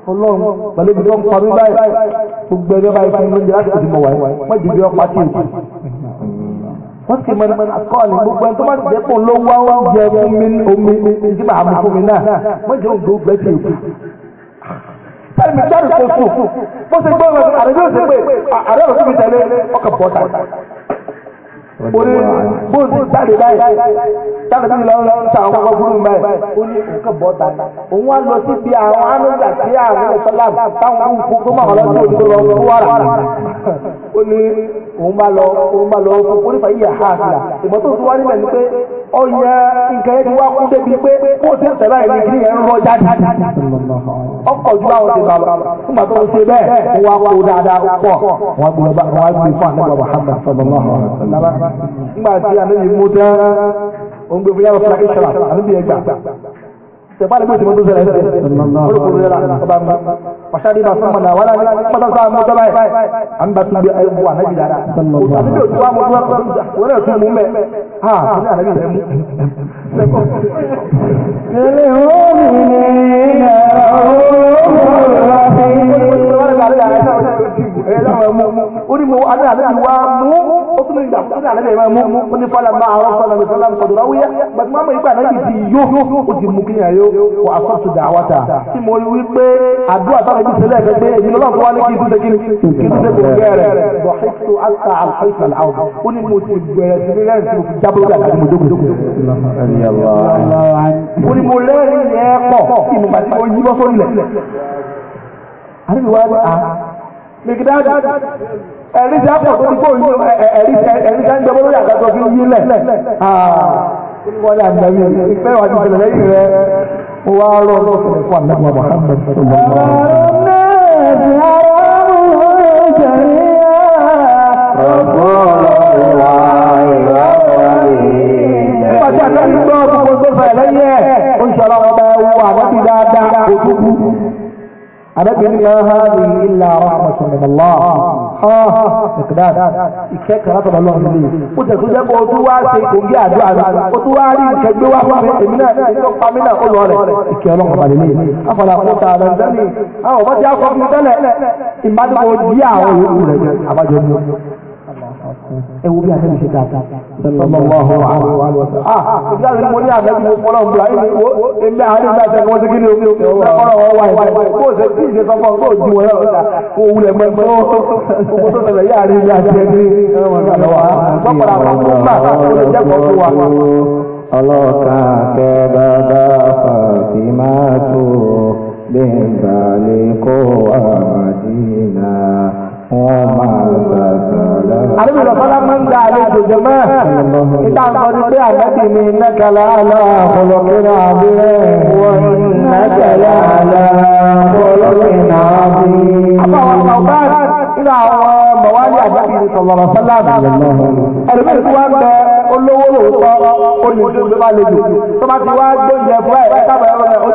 Ọlọ́run pẹ̀lú ibi tó ń parí báyìí gbogbo ẹgbẹ́ báyìí fún mi láti ìdí mọ̀ wáyé wọ́n jìbí ọ̀pá tí èkó. Wọ́n sì mẹ́ni àkọ́ọ̀ni gbogbo ẹni tó bá ti dẹ́kun ló wá oúnjẹ fún mi omi tí màá mú fún mi náà wọ́n jẹ́ òǹdó gbẹ́ tí èkó. Sẹ́ni sẹ́ni kò sùn, mo ti gbọ́ ọ̀rọ̀ àrẹ yóò ti pé àrẹ yóò ti fi tẹ̀lé ọkọ̀ bọ́ta orí bóòsì jáde báyìí jáde bí lọ́wọ́ ta àwọn ọmọ burú mẹ́ ó ní nǹkan bọ́ ta òun wá lọ síbi àwọn anúgbà tí àwọn ìṣọ́lá táwọn ń fún tó máa lọ́jọ́ òdòdó lọ fún wàrà ó ní òun bá lọ òun bá lọ fún nípa yíyà ha àfihàn ìmọ̀ tó tún wá níbẹ̀ ni pé ọyẹ nǹkan yẹn ti wá kú débi pé kó o ti ń tẹ̀lé àìní kí yẹn ń rọ jáde ọkọ̀ ju àwọn ti bàbá nígbà tó ń ṣe bẹ́ẹ̀ ó wá kó dáadáa pọ̀ wọ́n gbé fún àníbà Muhammad sallallahu alaihi wasallam nígbà tí àníbi mú tẹ́ ó gbé fún yàrá fún akíṣọ́ra àníbi ẹgbà sẹ̀bá lè gbèsè mọ́tò sẹ̀rẹ̀ ẹ̀sẹ̀ olùkùnrin rẹ̀ ọba mi ọ̀ṣà ní ìbáṣọ́ mọ̀nà wàlá ní pátákó àwọn ọjọ́ báyìí àmì bá tún bí ayé wà náà jìlá rà òtàbí tí òtún wà mọ́tò wọlé ẹ̀tún mú mẹ́ ha kí ni àlẹ́ mú. Ìrìn omi ni ẹ̀rọ omi rẹ̀ fi. Ó ní mo alẹ́ àlẹ́ ti wá mú ó tún nígbà tó ní àlẹ́ ìwọ̀n mú ó ní fọlá máa àwọn fọlá ní fọlá kọ̀dọ̀ ráwúyá bàtí máa mọ̀ ìgbà náà ti di yó ó ti mú kíyàn yó wà á sọ́tù dà wá ta. tí mo rí wípé àdúrà táwọn ibi sẹlẹ̀ ẹ̀fẹ́ pé èmi lọ́wọ́ wá ní kí n tún ṣe kí n tún ṣe kò gẹ́rẹ̀ bọ̀ hẹ́tù àtà àlùfáìsàn àwọn ó ní mo ti gbẹ̀rẹ̀ sí rẹ́rìn tí mo fi jábọ́ ó ní mo lẹ́rìn yẹn pọ̀ kí ni bàtí mo yí ẹ̀rí ti àpọ̀ tó kó yí ẹ̀rí ti àjọ bọ́lọ́ yà kàtọ́ sí yí lẹ̀ wọ́n yà gbẹ̀mí ìfẹ́ wà ní ìṣẹ̀lẹ̀ lẹ́yìn rẹ̀ ó wá rọ̀ lọ́sọ̀rọ̀ fún àdámọ̀ Muhammad Ìpàdé àtẹ́lẹ́ gbọ́ gbogbo tó fẹ̀ lẹ́yìn ẹ̀, ó ń ṣọ́ra ọba ẹwọ́ àgbàbí dáadáa, òkúkú. أبدا ما هذه إلا رحمة من الله ìkìdáàdì ah, ìkẹ́kẹ̀ẹ́ látọ̀dọ̀ lọ́wọ́ nílé ó tẹ̀ tó jẹ́ kó o tún wá ṣe ògì àdúrà rẹ̀ o tún wá rí nǹkan gbé wá fún èmi náà èmi tó pa mí náà ó lọ rẹ̀ ìkẹ́ ọlọ́run balẹ̀ lé afọlá kó ta àrẹ àwọn ọmọdé akọ́bí tẹ́lẹ̀ ìmádìbò jí àwọn yòókù rẹ̀ jẹ́ abájọ́ mú ẹ wo bí àtẹ́bí ṣe káàkiri. sallallahu alaihi wa sallam. ìjà mi mo ní ìgbà tẹ́lẹ̀ ni omi omi ọ̀rọ̀ wọn wá ìwà kó o ṣe kí ìṣe sọ́kọ̀ kó o ju wọn yọ̀ọ́ ta kó o wulẹ̀ mọ́ ẹgbẹ́ owó tó tẹ̀lé yára ní àti ẹni sọ́kọ̀rọ̀ àwọn ọlọ́ka Àdébí ìrọ̀sọ́lá máa ń gba àlejò jẹmọ́. Ìta nǹkan ni pé àgbẹ̀bí mi nẹ́kẹ̀lá àlọ́ ọ̀pọ̀lọpẹ̀rẹ̀ àbúrẹ́. Wọ́n nẹ́kẹ̀lá àlọ́ ọ̀pọ̀lọpẹ̀rẹ̀ àbúrẹ́. Àbáwọn ọ̀gá nínú àwọn mọ̀wálì àgbẹ̀bí sọ̀rọ̀ sọ́lá. Ẹ̀rọ̀mí ìlú wa bẹ olówó lòótọ́ olùdó ló bá lejò. Tó bá ti wá gbóúnjẹ fún ẹ̀ káàbọ̀ ẹ̀rọ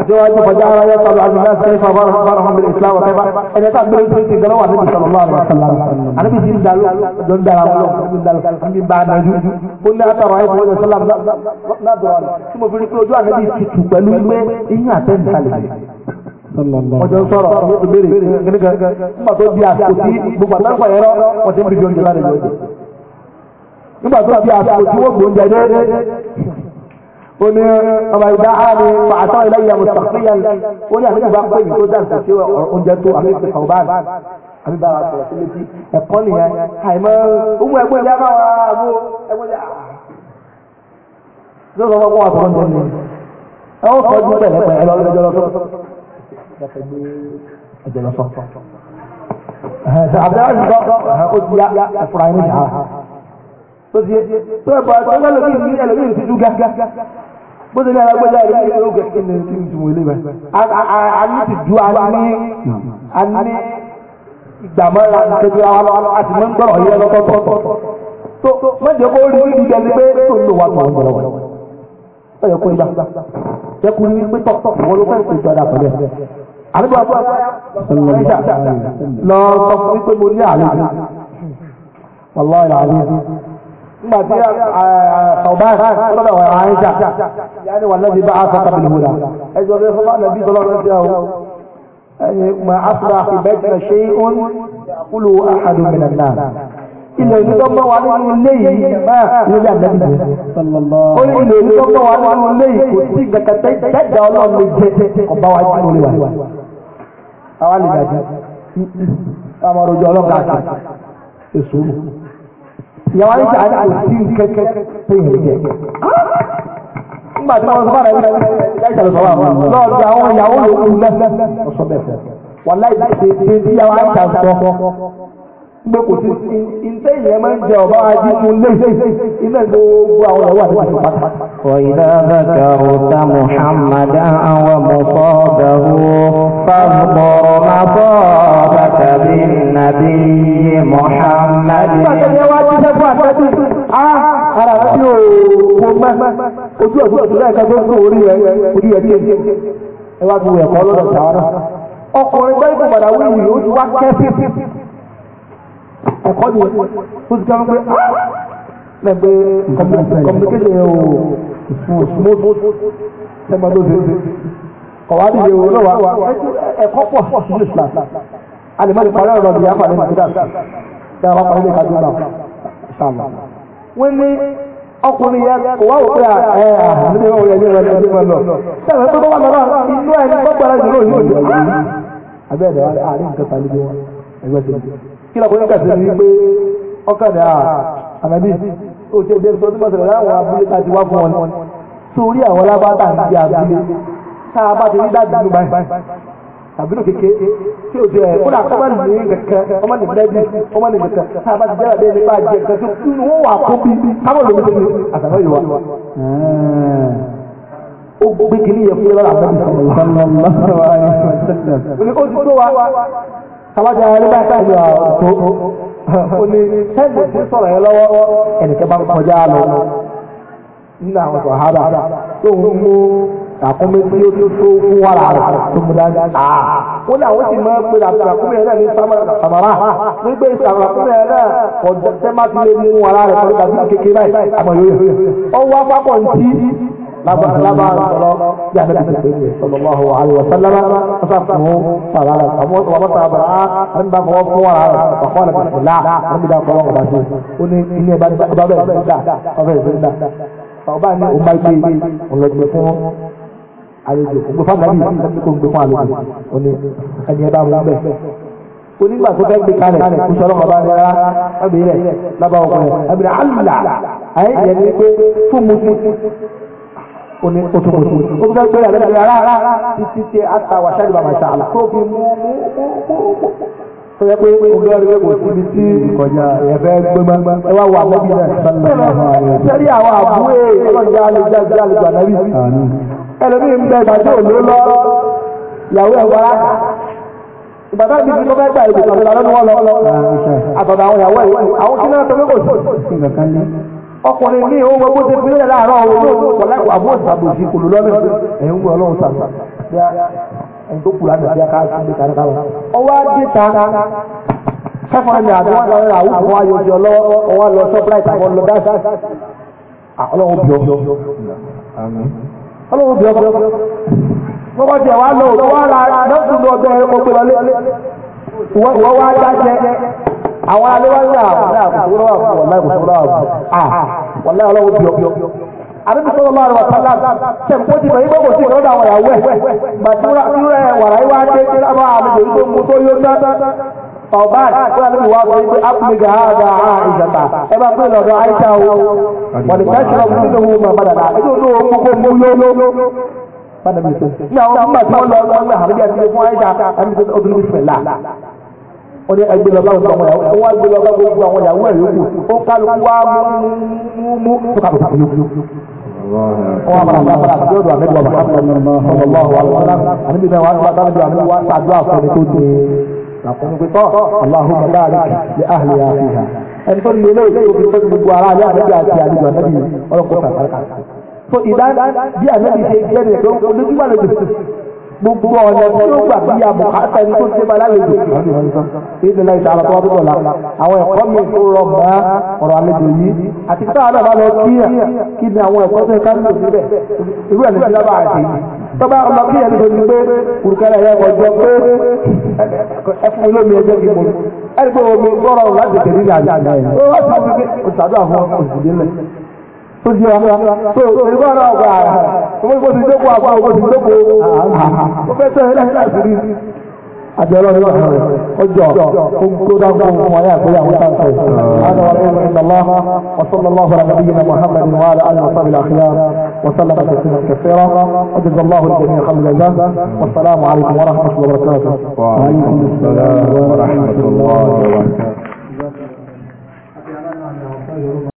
àtiwájú fọjá ara yẹ sábà àgbà láti ṣe fàbára fàbára hàn bẹ̀rẹ̀ ìsìláwà tẹ́fà ẹni tá gbé ìṣe ti gbọ́dọ̀ wà níbi sọ̀rọ̀ lọ́wọ́ àti sọ̀rọ̀ àníbi ti ń dalu ló ń dara wọn ló ń dalu àbí bá a dájú ó ní àtàrà ayé fọwọ́ sọ́lá ládùúrà tí mo fi rí pé ojú àníbi ti tù pẹ̀lú pé iyín àtẹ́ǹtalẹ̀ ọjọ́ sọ̀rọ̀ ìbéèrè gẹ́gẹ́ nígbà tó di àsìkò tí gbogbo àtàkùn ẹ̀rọ wọ́n ti ń bí jọ nígbà tó ó ní ọmọ ìdá àmì fàtọ́ ìlẹ́yìn mùsàkìyàn ó ní àmì ìbá pé ìbí tó dáhùn sí oúnjẹ tó àmì ìpè kọ̀ọ̀bán àmì bá wa sọ̀rọ̀ sí létí ẹ̀kọ́ nìyẹn àìmọ́ ohun ẹgbẹ́ ìyá bá wa mú ẹgbẹ́ ìyá. ló sọ fún wa sọ̀rọ̀ ní ẹni ẹ ó sọ ju pẹ̀lẹ́pẹ̀lẹ́ lọ lọ́jọ́ lọ́sọ̀ ẹ̀jẹ̀ lọ́sọ̀ àbúrò àti ó ti yá ẹ̀fúra ẹni jà bó ti ní alágbèjà ìlú ìlú ìlú gẹ̀ẹ́sì ní kí n tún wọlé bẹ́ẹ̀. a ní ti du a ní a ní ìgbàmọ́ra nítorí àwọn àti mọ́ ń gbọ́rọ̀ yẹn lọ́tọ̀ọ̀tọ̀. tó mọ̀jẹ̀ kó rí ibi gẹ̀ẹ́sì pé tó ń lò wá tó ń gbọ́rọ̀ wọ̀ ọ̀ yẹ kó ibà jẹ́ kó rí pé tọ̀tọ̀ wọ́n ló fẹ́ẹ́ tó dáa pẹ̀lú ẹ̀. àlejò àbúrò nígbàtí Sauban ọlọ́dọ̀ wà Aisha ya ni wàlẹ́ bí bá a sọ́kà bí wúlá ẹjọ́ bí fọ́nà nàbí sọ́lọ́ rẹ̀ jẹ́ o ma asra ibẹ̀tẹ̀ ṣe ń kúlù ahadu minan nas ilẹ̀ ìlú tó gbọ́ wà nínú ilé yìí máa nílé àgbẹ̀bí ó ní ilẹ̀ ìlú tó gbọ́ wà nínú ilé yìí kò sí gbẹ̀kẹ̀tẹ̀ ìtẹ́jà ọlọ́run lè jẹ ọba wa jù lórí wa àwa lè dàjú àmọ́ ọ̀rọ̀ ojú ọlọ́run káàkiri èso ìyàwó ayé àti àti kẹkẹ tó yẹ jẹ. nígbà wọn sọ fún àrẹ ẹgbẹ́ sọ̀rọ̀ àwọn lọ́ọ̀dì àwọn ìyàwó yòókù lẹ́sẹ̀ ọ̀sọ̀ bẹ̀fẹ̀ wọ́n láì ṣe ṣe ìyàwó ayé àti àti pé kò sí ìtẹ́ ìyẹn máa ń jẹ ọba ajíkú lé iná gbogbo àwọn ẹ̀wà àti ìpàdé pátá. Ọ̀yìnlá bàtà ọ̀tá àwọn mọ̀fọ́ ọ̀dàwó fàmùbọ̀rọ̀ máa bọ̀ bàtà nàbí Mùhàmmad. Bàtà ara tí o kò mẹ́ ojú ọ̀dọ́ ìdílé ẹ̀ka tó ń kó orí ẹ̀ orí ẹ̀ díẹ̀ ẹ wá gbogbo ẹ̀kọ́ lọ́dọ̀ tààrà. Ọkùnrin gbẹ́gbẹ̀ padà wíwì ó ti wá kẹ́sí ẹ̀kọ́ ni ó ti kẹ́wọ́n pé lẹ́gbẹ́ communication o smooth ẹgbẹ́ tó ṣe ọ̀wá ti ṣe òun náà wá ẹ̀kọ́ pọ̀ sí islam alimọ́ni parí ọ̀rọ̀ ìyá pàdé nàìjíríà tí a bá parí lẹ́ka tó náà ṣàlọ́. wọ́n ní ọkùnrin yẹn kò wá òpin ẹ̀ àhàmìlẹ̀ ọ̀rọ̀ yẹn ní ìrọ̀lẹ́ ọdún mọ́ lọ. sẹ́wọ̀n tó bá lọ́wọ́ inú ẹ̀ ní gbọ́gbọ́ra ìlú òyìnbó. abẹ́ẹ̀dẹ̀ wa àárín nǹkan tàbí wọn ẹgbẹ́ tó ń bọ̀ kí lọ́pọ̀ yóò kàṣẹ́ ní pé ọkàdà ah, ànábì ó ṣe dé sọ nípa ìṣẹ̀lẹ̀ láwọn abúlé tá a ti wá fún wọn sórí àwọn alábàtà ń di abúlé tá a bá ti rí dájú ní báyìí tàbí ló kéke tí o jẹ kó náà ọmọ nìyí kankan ọmọ nìyí dẹbi ọmọ nìyí kankan tá a bá ti jẹ́ra bẹ́ẹ̀ nípa jẹ kankan tó kún wọn wà kó bí káwọn tàbájá ẹni bá tàbí àtò ó ní sẹ́ẹ̀dì tí sọ̀rọ̀ ẹ lọ́wọ́ ẹnìkẹ́ bá kọjá lọ nínú àwọn sọ̀hábà tó ń mú àkọ́mé tí ó tó tó fún wàrà rẹ̀ tó mú dáadáa. ó ní àwọn sì máa ń pe àti àkúmẹ̀ náà ní samara nígbà ìsà àkúmẹ̀ náà kọjá tẹ́mátì lé mú wàrà rẹ̀ kọjá sí kékeré báyìí àmọ́ yóò yẹ. ọwọ́ apákọ̀ ń tí lábára lábára sọ̀rọ̀ bí a bẹ̀rẹ̀ tẹ̀lé rẹ̀ sallallahu alaihi wa sallam ọ̀sán fún sàrà rẹ̀ àwọn ọmọ sàrà bàrà àwọn ìgbà fọwọ́ fún wàrà rẹ̀ ọ̀pọ̀ ọ̀nà kìlá àwọn ìgbà fọwọ́ ọ̀bà tó ó ní ilé ẹ̀bá bẹ̀rẹ̀ sídà ọbẹ̀ sídà ọba ní ọba ìgbé ọ̀lọ́gbẹ̀ fún àlejò ọkùnrin ẹbí àlùlà ayé ni pé fún mu oní otomoto ó fi gbẹgbẹ yàrá yàrá rárá títí ṣe àtà wàṣálì bàbá ìṣàlà tó fi mú ó yẹ pé ọgbẹ́ rẹ kò síbi tí ìkọjá ẹ̀fẹ́ gbẹ́gbẹ́ ẹ wá wà mọ́bí náà sálẹ̀ sẹ́rí àwọn àbúrò ọlọ́jà àlejò àlejò àlejò ànábì ẹlòmíì ń bẹ ìbàdí òní lọ ìyàwó ẹ̀ wọ́n ìbàdàn bíi kí ló fẹ́ gbà ìbùkún ọ̀sán lọ́nà wọn lọ àbàbà àwọn ìyàwó ọkùnrin ní ìhun gbogbo ti fi lè láàárọ̀ owó pọ̀lẹ́kù àbúrò ìsàbòsí kò lọ́wọ́ ẹ̀sìn ẹ̀yìn gbọ́ ọlọ́run sàmì bíá ẹni tó kù lánàá bíá káàkiri àti kárí káwọn. ọwọ́ adé ta sẹ́fọ̀n àmì àti wọn lọ́rẹ́ àwọn àwọn ayọ̀jọ lọ́wọ́ ọwọ́ lọ sọ́pláìtì àwọn lọ dáadáa ah, ọlọ́run bí ọ ọlọ́run bí ọ gbogbo tiẹ̀ wá lọ òkú wá ra àwọn aléwájú àwọn àkùsùwúrọ̀ wà fún wọ̀lá àkùsùwúrọ̀ wà fún wọ̀lá ọlọ́wọ́ bí ọbí ọbí. Àbíbi sọ́dọ̀ máa rọ̀ sálá tẹ̀kọ́ ti bẹ̀rẹ̀ gbọ́dọ̀ sí ìrọ́dọ̀ àwọn ìyàwó ẹ̀. Gbàdúrà rẹ̀ wàrà ìwà kéèké lábọ́ àwọn ìjòyí tó mú tó yóò tán. Ọba àti Alẹ́bí wa sọ pé Ápùlẹ̀gà àgbà ìjàmbá ẹ bá pè lọ́dọ̀ Àìsà o. Wọ̀lẹ̀ fẹ́ sọ̀rọ̀ fún ìdòwò mọ̀ padà dà. Ẹjọ́ ló mú kó mú yóló. Bádàbí sọ. Ní àwọn ọmọ tí wọ́n lọ lọ́gbà àbíjà ti fún Àìsà àbíjà wọ́n ní ẹgbẹ́ lọ́ba gbogbo àwọn yàwó wọ́n ẹgbẹ́ lọ́ba gbogbo àwọn yàwó ẹ̀ yòókù ó kálukú wá mú mú tó kà lóta yòókù. wọ́n á bàrà bàrà àti ọ̀dọ̀ àmì bàbá ọ̀lọ́wọ́ àlùfọ́lá àmì bíbẹ̀ wà lọ́wọ́ àtàwọn àmì wà sàdúrà fún ẹni tó dé àkọ́ni pé tọ́ aláhùn bàbá rẹ̀ àhìlẹ̀ àfihàn ẹni tó ní ilé ìgbòkè tó gbogbo ara alẹ́ àdébí àti àdébí àdébí ọlọ́kọ̀ọ́ kàkàkà. so ìdá bí àdébí ṣe gbẹ́rẹ̀ tó olójúbàlejò gbogbo ọ̀nà tí ó gbà bí àbùkátà ẹni tó ṣe balálejò ìdí náà ìṣàlọ̀ tó wá bíbọ̀ la àwọn ẹ̀kọ́ mi tó rọ mọ́ ọ̀rọ̀ àlejò yìí àti sáà náà bá lọ kí ẹ̀ kí ni àwọn ẹ̀kọ́ tó ń ká lò síbẹ̀ irú ẹ̀mí tí lábàá àti tọ́ba ọmọ kí ẹni tó ti pé kùrùkẹ́rẹ́ yẹn kọjọ pé ẹfun olómi ẹjọ́ kì í mọ̀ ẹni pé omi gbọ́rọ̀ láti tẹ̀lé tó di ọmọ tó ìgbà náà gbà á ọmọ ìgbà tí jókòó àgbà ọmọ tí jókòó ó fẹ́ tẹ̀ ẹ́ láti rí àti ọlọ́run náà rẹ̀ ọjọ́ tó dágbà fún wọn yà kúrò àwọn táǹkà yìí. هذا والعلم عند الله وصلى الله على نبينا محمد وعلى اله وصحبه الاخيار وسلم تسليما كثيرا وجزا الله الجميع خير الجزاء والسلام عليكم ورحمه الله وبركاته. وعليكم السلام ورحمه الله وبركاته.